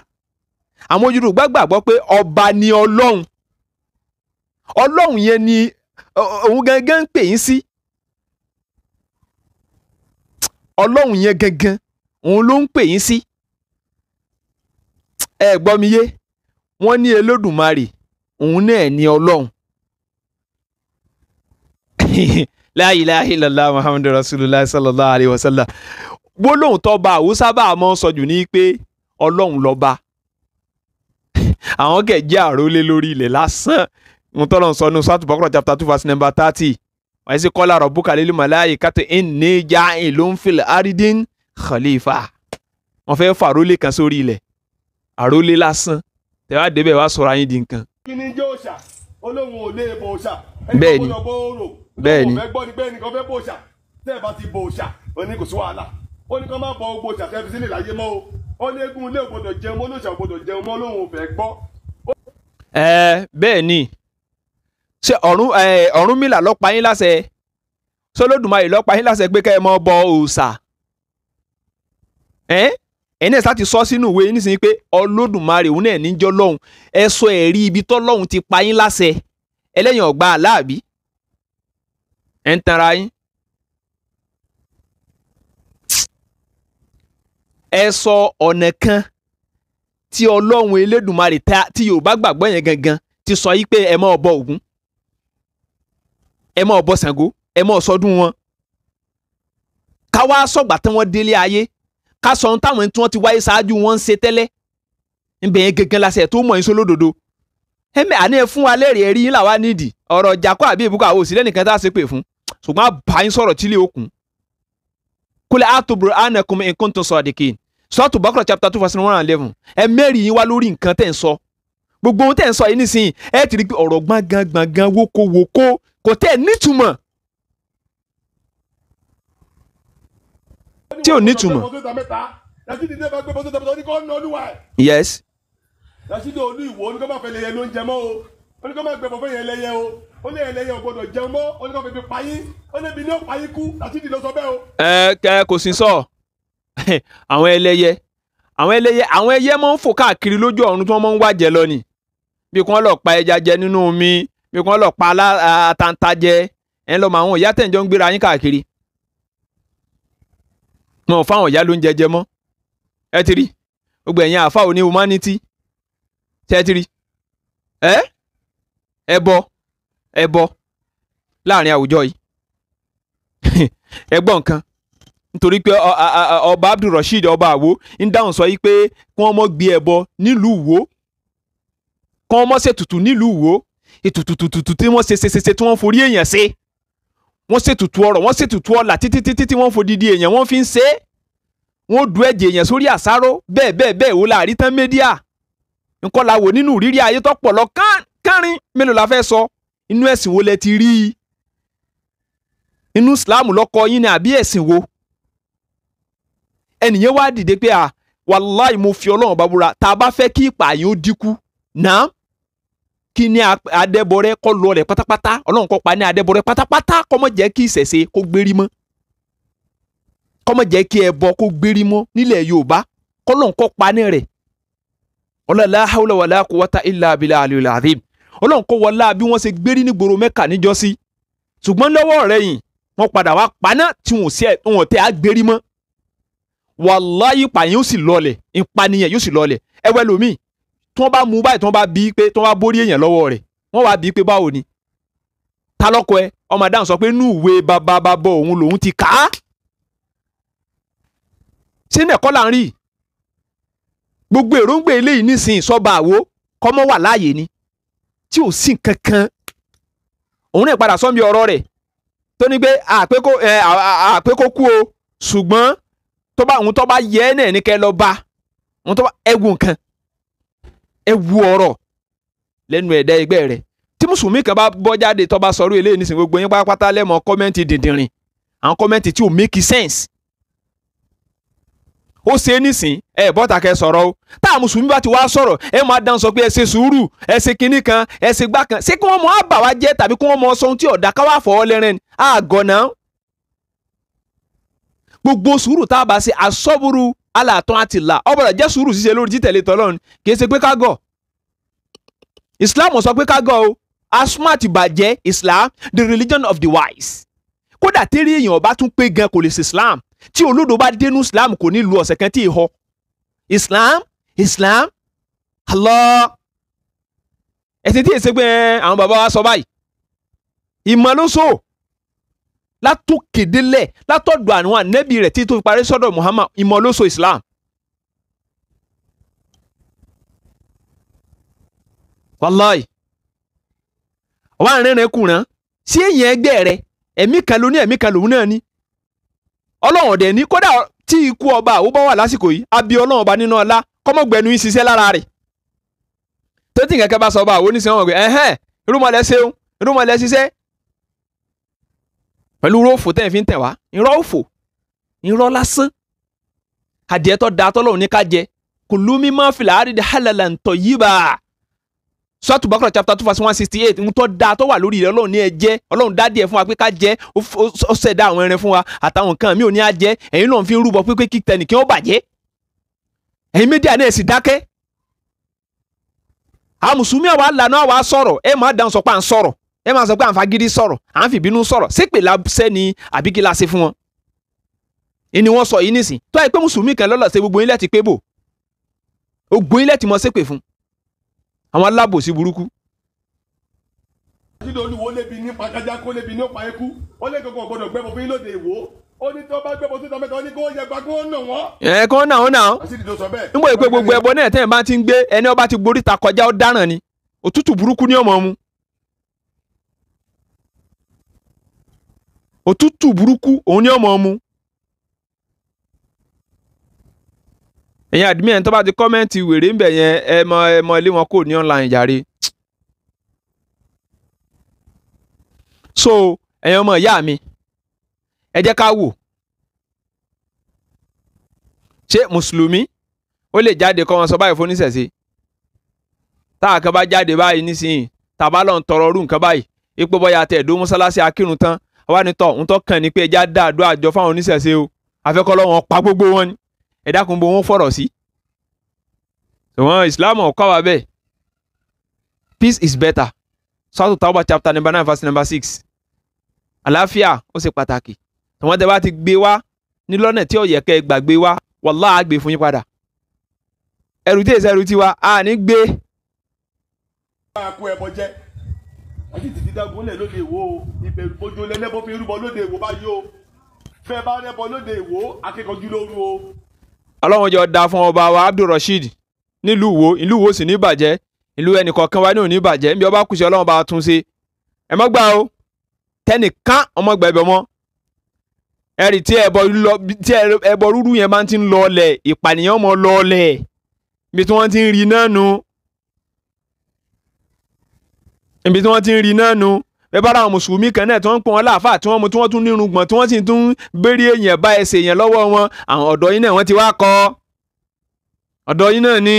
àwọn yorùbá gbàgbọ́ pé ọba ni ọlọ́run ọlọ́run yẹn ni òun gangan ń pè yín sí ọlọ́run yẹn gangan òun ló ń pè yín sí ẹ gbọ́ mi yé wọ́n ní Elédùmarè òun náà ní Ọlọ́run la ilaha illallah muhammadur rasulullah sallallahu alayhi wa sallam gbólóhùn tọ́ba àwùsá bá a mọ́ sọjù ní pé Ọlọ́run lọ́ba àwọn kẹ̀ jẹ́ àrólé lórí ilẹ̀ lásán ntọ́lọ́n sọ ní sọ́tù bọ́kọ̀rọ̀ chapter two verse number thirty wáyé sí kọ́lá rọ̀ bùkálẹ́lì màláyé kátó ẹ̀ ní jáì ló ń fìlẹ̀ àrídìn khalifa wọ́n fẹ́ fàrólé kan sórí ilẹ̀ àrólé lásán tẹ́ wá débẹ̀ wá sọ̀rọ̀ ayé di nǹkan. kí ni jẹ́ òòṣà olóhùn ò lè bọ òòṣà bẹ́ẹ̀ ni bẹ́ẹ̀ ni bẹ́ẹ̀ ni bẹ́ẹ̀ ni kan fẹ́ bọ òòṣà tẹ́ ẹ bá ti bọ òòṣà ó ní kò sí wàhálà ó ní kán má bọ gbogbo òòṣà kẹfì sílẹ̀ láyé mọ́ o ní egun ilé ògbọ́dọ̀ jẹun mọ́ olóòṣà jẹun mọ́ olóhùn ò fẹ́ gbọ́. ẹ bẹ́ẹ̀ ni ṣé ọ̀run ọ̀rúnmìlà ló pa yín láṣẹ ṣé Olódùmarè yín láṣẹ pé kẹ́ ẹ mọ́ bọ òòṣà ẹ̀yin náà láti sọ sínú ìwé nísìnyí pé Olódùmarè òun náà níjọ́ lọ́hùn ẹ sọ ẹ̀rí ibi tọ́lọ́hùn ti pa yín láṣẹ ẹlẹ́yìn ọ̀gbà aláàbí ẹ̀ ń tanra yín. ẹ sọ ọ̀nà kan tí Ọlọ́run Elédùmarè tí Yorùbá gbàgbọ́ yẹn gangan ti sọ yí pé ẹ máa bọ Ògún ẹ máa bọ Ṣàngó ẹ máa sọdún wọn káwá sọgbà tí wọ́n délé ayé ká sọ ohun táwọn tí wọ́n ti wáyé ṣáájú wọn ń ṣe tẹ́lẹ̀ níbẹ̀ yẹn gangan la ṣe tó mọ̀ yín sólódodo ẹ̀mẹ́ àní ẹ fún wa lẹ́rìí ẹ̀rí yín làwa nídìí ọ̀rọ̀ Jàkó àbí ìbúkọ àwọn òsì lẹ́nìkan tá a ṣe pè fún ṣùgbọ́n àbá yín sọ̀rọ̀ tí lè okùn kúlẹ̀ àtòbúrò ànàkùnmí nǹkan tó sọ àdìkì sọ́ọ̀tù bọ́kọ̀rọ̀ chapter two verse one hundred and eleven ẹ mẹ́rìí yín wá lórí nǹkan tẹ̀ ń sọ gbogbo ohun tẹ̀ ń sọ yìí nísìnyí ẹ ti rí pé ọ̀rọ̀ gbọ̀ngàn gbọ̀ngàn wókòwókò kò tẹ̀ nítumọ̀ tí ò nítumọ̀. Yes. Dasidi olú ìwò ó ní kó máa fẹ́ lẹ́yẹ ló ń jẹ mọ́ o. Ó ní kó máa gbẹ̀bọ̀ fẹ́ yẹn lẹ́yẹ o. Ó ní ẹlẹ́yẹ ò gbọ́dọ̀ jẹun mọ́. Ó ní kó fẹ́ẹ́ payí. Ó ní ibi ní ó payí kú. Dasidi lọ sọ bẹ́ẹ̀ o. Ẹ kẹ kò sí sọ. Àwọn ẹlẹ́yẹ àwọn ẹlẹ́yẹ àwọn ẹyẹ máa ń fò káàkiri lójú ọ̀run tí wọ́n máa ń wájẹ lọ ni. Bí kí wọ́n lọ pa ẹja jẹ nínú omi, bí kí wọ́n lọ pa atanta jẹ, ẹ̀ ń lọ mọ àwọn ìyá tẹ̀ ń jọ ń gbéra yín káàkiri wọn ò fáwọn ìyá ló ń jẹjẹ mọ́ ẹ ti rí gbogbo ẹ̀yin àfa òní humanity ṣe ti rí ẹ ẹbọ ẹbọ láàrin àwùjọ yìí ẹgbọ́n nǹkan nítorí pé ọba abdulrasheed ọba àwo ń dáhùn sọ yìí pé kí wọ́n mọ́ gbé ẹbọ nílùú wo kí wọ́n mọ́ ṣètùtù nílùú wo ètùtùtùtù tí wọ́n ṣe ṣe ṣe tí wọ́n forí èèyàn ṣe wọ́n ṣètùtù ọ̀rọ̀ wọ́n ṣètùtù ọ̀la títí títí tí wọ́n fòdìdí èèyàn wọ́n fi ń ṣe é wọ́n du ẹ̀jẹ̀ èèyàn sórí àsáró bẹ́ẹ̀ bẹ́ẹ̀ bẹ́ẹ̀ wò láàrí tán mẹ́díà nǹkan la wò nínú rírí ayé tó pọ̀ lọ kárin mélòó la fẹ́ sọ inú ẹ̀sìn wo lẹ ti rí i inú Islam lọ́kọ yín ni àbí ẹ̀sìn wo ẹnìyẹn wá dìde pé à wàláì mo fi Ọlọ́run bá búra tá a bá fẹ́ kí ìpààyàn ó dínkù náà kí ní adẹ́bọrẹ́ kọ́ lọ rẹ̀ pátápátá ọlọ́run kọ́ pa ní adẹ́bọrẹ́ pátápátá kọ́mọ jẹ́ kí ìṣẹ̀ṣe kó gbérí mọ́ kọ́mọ jẹ́ kí ẹbọ kó gbérí mọ́ nílẹ̀ yorùbá kọ́lọ́run kọ́ pa ní rẹ̀ ọlọ́lá haúlẹ̀ wàlá kó wọ́tá ilà abilà àlùlà àdìm ọlọ́run kọ́ wọlá bí wọ́n ṣe gbérí ní gbòòrò mẹ́kà níjọ́sí ṣùgbọ́n lọ́wọ́ rẹ̀ yìí wọ́n padà wá paná tí wọ́n tẹ́ àgbérí mọ́ wàláyé pààyàn yóò sì lọlẹ̀ ìpànìyàn yóò sì lọlẹ̀ ẹ̀wẹ̀ lómìn tí wọ́n bá mú báyìí tí wọ́n bá bí pé tí wọ́n bá borí èèyàn lọ́wọ́ rẹ̀ wọ́n wá bí pé báwo ni ta lọ́kọ ẹ ọmọ adáhùn sọ pé inú ìwé babababọ òun lòun ti kà á ṣé ní ẹ̀kọ́ là ń rí gbogbo èròǹgbà eléyìí nísìnyí sọ́ba àwo kọ́mọ́ wà láàyè ni tí ò sí kankan òun náà padà sọ́nbi ọ̀rọ̀ rẹ̀ tó ní pé àpékó ẹ àpékó kú o ṣùgbọ́n tó bá òun tó bá yẹ ẹ́ náà ní kẹ́ lọ bá òun tó bá ẹ̀gùn kan ẹ wu ọ̀rọ̀ lẹ́nu ẹ̀dá ẹgbẹ́ rẹ̀ tí mùsùlùmí kan bá bọ́ jáde tó bá sọ̀rọ̀ eléyìí nísìnyí gbogbo yín pátápátá lẹ́mọ̀ kọ́mẹ́ǹtì dìndìnrín àwọn kọ́mẹ́ǹtì tí ò make sense ó ṣe é nísìn ẹ bọ́ta kẹ sọ̀rọ̀ o tá a mùsùlùmí bá ti wá sọ̀rọ̀ ẹ máa dán sọ pé ẹ ṣe sùúrù ẹ ṣe kinní kan ẹ ṣe gbá kan ṣé kí wọ́n mọ àbà wá jẹ́ tàbí kí wọ́n mọ sọ ohun tí ọ̀dà ká wà fọwọ́ lẹ́rìn ní gbogbo sùúrù tá a bá ṣe àsọ́bùrù alàtàn àti là ọ̀bọ̀dọ̀ jẹ́ sùúrù ṣíṣe lórí títẹ̀lé tọ́lọ́run kì í ṣe pé Islam sọ pé ká gọ̀ o asma ti bàjẹ́ Islam the religion of the wise kódà tẹ́rí èèyàn bá tún pé gan kò lè ṣe Islam tí olódò bá dénú Islam kò ní lu ọ̀sẹ̀ kan tí ì họ Islam Islam Allah ẹ̀sìn tí èsè pé àwọn bàbá wa sọ báyìí ìmọ̀ ló sọ látòkèdélẹ̀ látọ̀dọ̀ àwọn ànẹ́bí rẹ̀ títí tó fi parí sọ́dọ̀ Muhammad ìmọ̀lóso Islam. wàláì ọwọ́ àrẹ́rẹ́ kùnrán sí èèyàn ẹgbẹ́ rẹ ẹ̀mí kan ló ní ẹ̀mí kan lòun náà ní ọlọ́run ọ̀dẹ̀ ní kódà tí ikú ọba àwòbá wà lásìkò yìí àbí ọlọ́run ọba nínú ọlá kọ́mọ̀gbẹ́nu yín ṣiṣẹ́ lára rẹ̀ tó tí nǹkan kan bá sọ ọba àwọn oníṣẹ́ wọn gbé ẹ̀hẹ́n irúmọlẹ̀ ṣeun pẹ̀lú róòfò tẹ́ ẹ̀ fi ń tẹ̀ wá irọ́ òfò irọ́ lásán adìẹ tó da tọ́lọ́run ní ká jẹ kùlú mímọ́ fìlà àrídì hàlàlà ntọ̀ yìí bá a sọ́ọ̀tù bákọ̀rọ̀ chapter two verse one sixty eight ń tọ́ da tó wà lórí rẹ̀ ọlọ́run ní ẹ jẹ́ ọlọ́run dá díẹ̀ fún wa pé ká jẹ́ ó ṣẹ̀dá àwọn ẹran fún wa àtàwọn nǹkan mi ò ní á jẹ́ ẹ̀yin náà fi ń rúbọ pípé kíkẹ́ nìkan ó bàjẹ́ ẹ̀yin mídíà náà sì dákẹ́ àmùsùnmí àwa lànà àwa sọ̀rọ̀ ẹ̀ máa dáhùn sọ pé à ń sọ̀rọ̀ ẹ máa sọ pé à ń fagídí sọ̀rọ̀ à ń fìbínú sọ̀rọ̀ ṣépè la sẹ́ni àbí kí la ṣe fún wọn. ìní wọn sọ yìí nísìn tó àìpé mùsùlùmí kan lọ́lọ́ ṣe gbogbo yín lẹ́ẹ̀tì pé bò gbogbo yín lẹ́ẹ̀tì mọ ṣépè fún àwọn alábòsí burúkú. ìdílé olúwo lébi ní pàjájá kó lébi ní ọ̀pá ikú ó lé gbogbo ọ̀gbọ́dọ̀ gbẹ́bọ̀ fún lóde ìwò ó ní tí wọ́n bá gbẹ́bọ̀ sí kó yẹ nà wọ́n. ẹ kó nà ó nà ó nígbà yìí gbogbo ẹbọ náà tẹ́yìn bá ti ń gbé ẹni ọba ti gboríta kọjá ó ni òtútù burúkú ni ọmọ mu òtútù burúkú òun ni ọmọ mu. ẹ̀yin àdìmí ẹ̀ ń tó bá ti kọ́mẹ́ǹtì wèrè ńbẹ̀ yẹn ẹ mọ ẹ mọ ilé wọn kò ní online jàre. so ẹ̀yin ọmọ ìyá mi ẹ jẹ́ ká wò ṣé mùsùlùmí ó lè jáde kọ́ wọn sọ báyìí fún oníṣẹ̀ṣe tá a kan bá jáde báyìí nísìnyí tàbá lọ́n tọrọ ọdún nǹkan báyìí ipò bọ́yá tẹ̀ dó mọ́sálásí akírun tán àwa ni tọ̀ ńtọ́ kàn ní pé ẹja dá àdó àjọ fáwọn oníṣẹ̀ṣe o afẹ́kọ́lọ́ wọn pa gbogbo wọn ni ẹ̀dá kan bó wọn fọ̀rọ̀ sí. ṣùgbọ́n Islam ọ̀kọ́ wa bẹ́ẹ̀ peace is better sọ́tò tàwọn chapter number nine verse number six àlàáfíà ó ṣe pàtàkì àwọn tẹ́ bá ti gbé wá ní lọ́nà tí ọ̀yẹ̀kẹ́ gbàgbé wá wàláà á gbé fún yín padà ẹrù tí èsì ẹrù tiwa a ní gbé. máa kó ẹbọ jẹ àti títí dagunlẹ̀ lóde ìwò ìbẹ̀rù bójú lẹ́lẹ́bọ́ fi rúbọ lóde ìwò báyìí o fẹ́ bá rẹ́bọ lóde ìwò akẹ́kọ̀ọ́jú lóru o. ọlọ́run jọ da fún ọba wa abdulrasheed nílùú wo ìlú wo sì ní bàjẹ́ ìlú ẹnìkọ̀ọ̀kan wa ní òní bàjẹ́ níbi ọba kùsì ọlọ́run bá tún ṣe ẹ mọ́ gbà o tẹnìkan ọmọ gbẹ̀bẹ̀ mọ́ ẹ̀rì tí ẹbọ rúrú yẹn máa ti ń lọ ọlẹ̀ ìpànìyàn mọ́ lọ ọlẹ̀ ibi tí wọ́n ti ń rí náà nu ibi tí wọ́n ti ń rí náà nu bẹ́ẹ̀ bá àwọn mùsùlùmí kan náà tí wọ́n ń pọ́n wọn láàfà tí wọ́n mu tí wọ́n tún nírun gbọ̀n tí wọ́n sì tún béèrè èèyàn bá ẹsẹ̀ èèyàn lọ́wọ́ wọn àwọn ọ̀dọ́ yín náà wọ́n ti wá kọ́ ọ̀dọ́ yín náà ni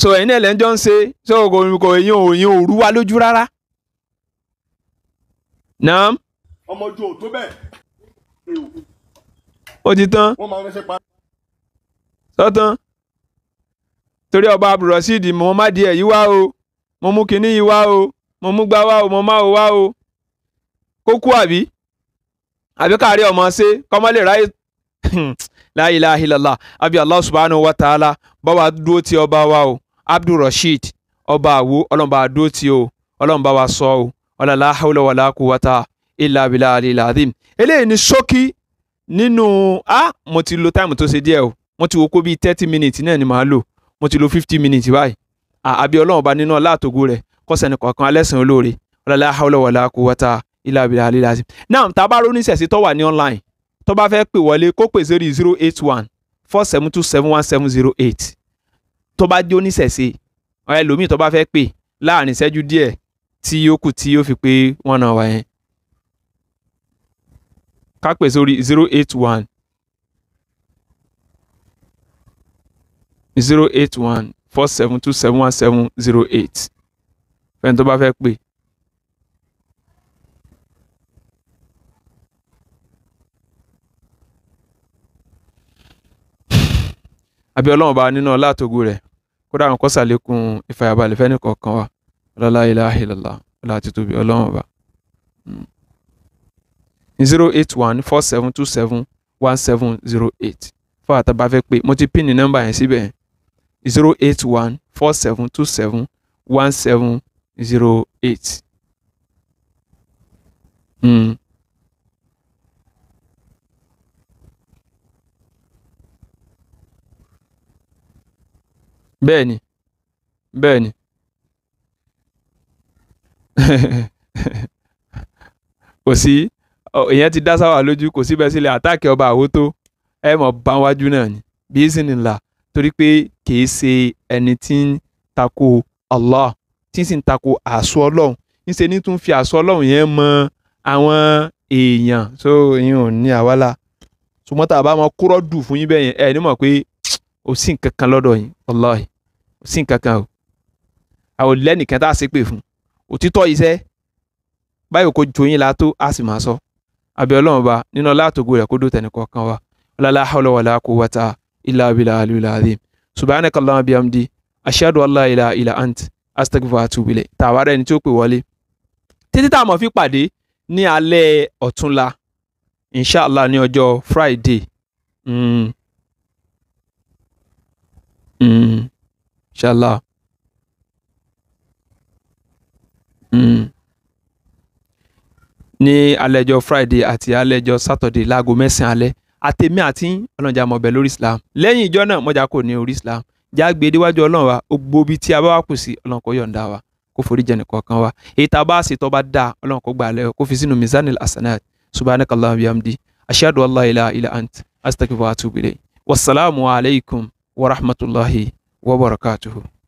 so ẹ̀yin náà lẹ́njọ́ ń ṣe so kò èyí ò yín ò rú wa lójú rárá. naam. ọmọ ojú ò tó bẹ́ẹ̀. ó ti tán. wọ́n máa ń rẹ́sẹ̀ pa. sọ́tán. So, torí ọba abdulrasheed mo má di ẹ̀ yí wá o mo mú kinní yí wá o mo mú gbá wá o mo má o wá o kó kú àbí àbí káàárẹ̀ ọmọ ṣe kọ́mọ lè ráyè la ilaha illallah àbí allah subhanahu wa ta'ala bá wa dúró ti ọba wa o abdulrasheed ọba àwo ọlọ́mọba àdó ti o ọlọ́mọba wa sọ o ọlọ́lá hawla wàlá quwwata illa billahi alil azim eléyìí ni ṣókí nínú a mo ti lo táìmù tó ṣe díẹ̀ o mo ti wò kó bíi thirty minutes náà ni màá lò mo ti lo fifty minutes báyìí àbí ọlọ́run ọba nínú ọlá àtògo rẹ̀ kọ́sẹ̀ni kọ̀ọ̀kan alẹ́sàn olóore ọ̀làlá àhọ́lọ́wọ̀lá kó wọ́ta ilà abìlà àlélà sí. now tá a bá ronú ìṣẹ̀sí tó wà ní online tó bá fẹ́ pè wọlé kó pè sórí zero eight one four seven two seven one seven zero eight tó bá dé oníṣẹ̀sí ẹlòmíì tó bá fẹ́ pè láàrin ìṣẹ́jú díẹ̀ tí yóò kù tí yóò fi pé wọ́n náà wáyẹn ká pè sórí zero eight one zero eight one four seven two seven one seven zero eight fẹ́ni tó bá fẹ́ pè. àbí ọlọ́run bá nínú ọlá àtògù rẹ̀ kódà àwọn kọ́sàlékún ìfàyàbalẹ̀ fẹ́ nìkọ̀ọ̀kan wa ọlọ́lá ilá ìlàlá ọlá àti tóbi ọlọ́run bá. Hmm. zero eight one four seven two seven one seven zero eight fún àtàbà fẹ́ pé mo ti pín ní nọ́mbà yẹn síbẹ̀ yẹn zero eight one four seven two seven one seven zero eight. Mm. bẹ́ẹ̀ni bẹ́ẹ̀ni kò sí ìyẹn ti dá sáwà lójú kò sí bẹ́ẹ̀ sílẹ̀ àtàkì ọba àwòtó ẹ̀ mọ̀ bá wájú náà ni bí ìsìn nìlà torí pé kìí ṣe ẹni tí ń tako Allah tí ń sì ń tako àṣọ ọlọ́run níṣẹ́ ní tún fi àṣọ ọlọ́run yẹn mọ àwọn èèyàn tó yín ò ní àwálà ṣùgbọ́n tá a bá mọ kúrọ́ dù fún yín bẹ́ẹ̀ yẹn ẹ̀ ní mọ̀ pé ò sí nǹkan kan lọ́dọ̀ yín wallahi ò sí nǹkan kan o àwọn lẹ́nìkan tá a ṣe pè fún òtítọ́ iṣẹ́ báyìí kò joyin la tó a sì máa sọ abẹ́ ọlọ́run ba nínú ọlá àtògo rẹ̀ kó dó tẹnìkọ̀ọ̀kan wa ọlọ́lá hawla wala quwwata illa billahi aliyul azim subhanakallahumma bihamdi ashhadu an la ilaha illa ant astaghfiruka wa atubu ilayk tàwárẹ̀ ni tí ó pè wọlé títí tá a mọ̀ fi pàdé ní alẹ́ ọ̀túnla inshallah ní ọjọ́ friday mm. Mm. inshallah mm. ní alẹ́jọ́ friday àti alẹ́jọ́ saturday láago mẹ́sàn-án alẹ́ àtèmi àti ọlọ́njà mọ̀ bẹ̀ lórí islam lẹ́yìn ìjọ náà mọ̀jà kò ní orí islam já gbé déwájú ọlọ́run wa gbogbo ibi tí a bá wà kù sí ọlọ́run kò yọ̀ǹda wa kó forí jẹ nìkọ̀ọ̀kan wa èyí tá a bá ṣe tó bá ọlọ́run kò gbà á kó fi sínú mizanil hasanat subhanakallah bihamdi ashadu allah ila ila ant astaghfiruka wa atubu ilayk wasalaamu alaykum wa rahmatulahi wa barakatuhu.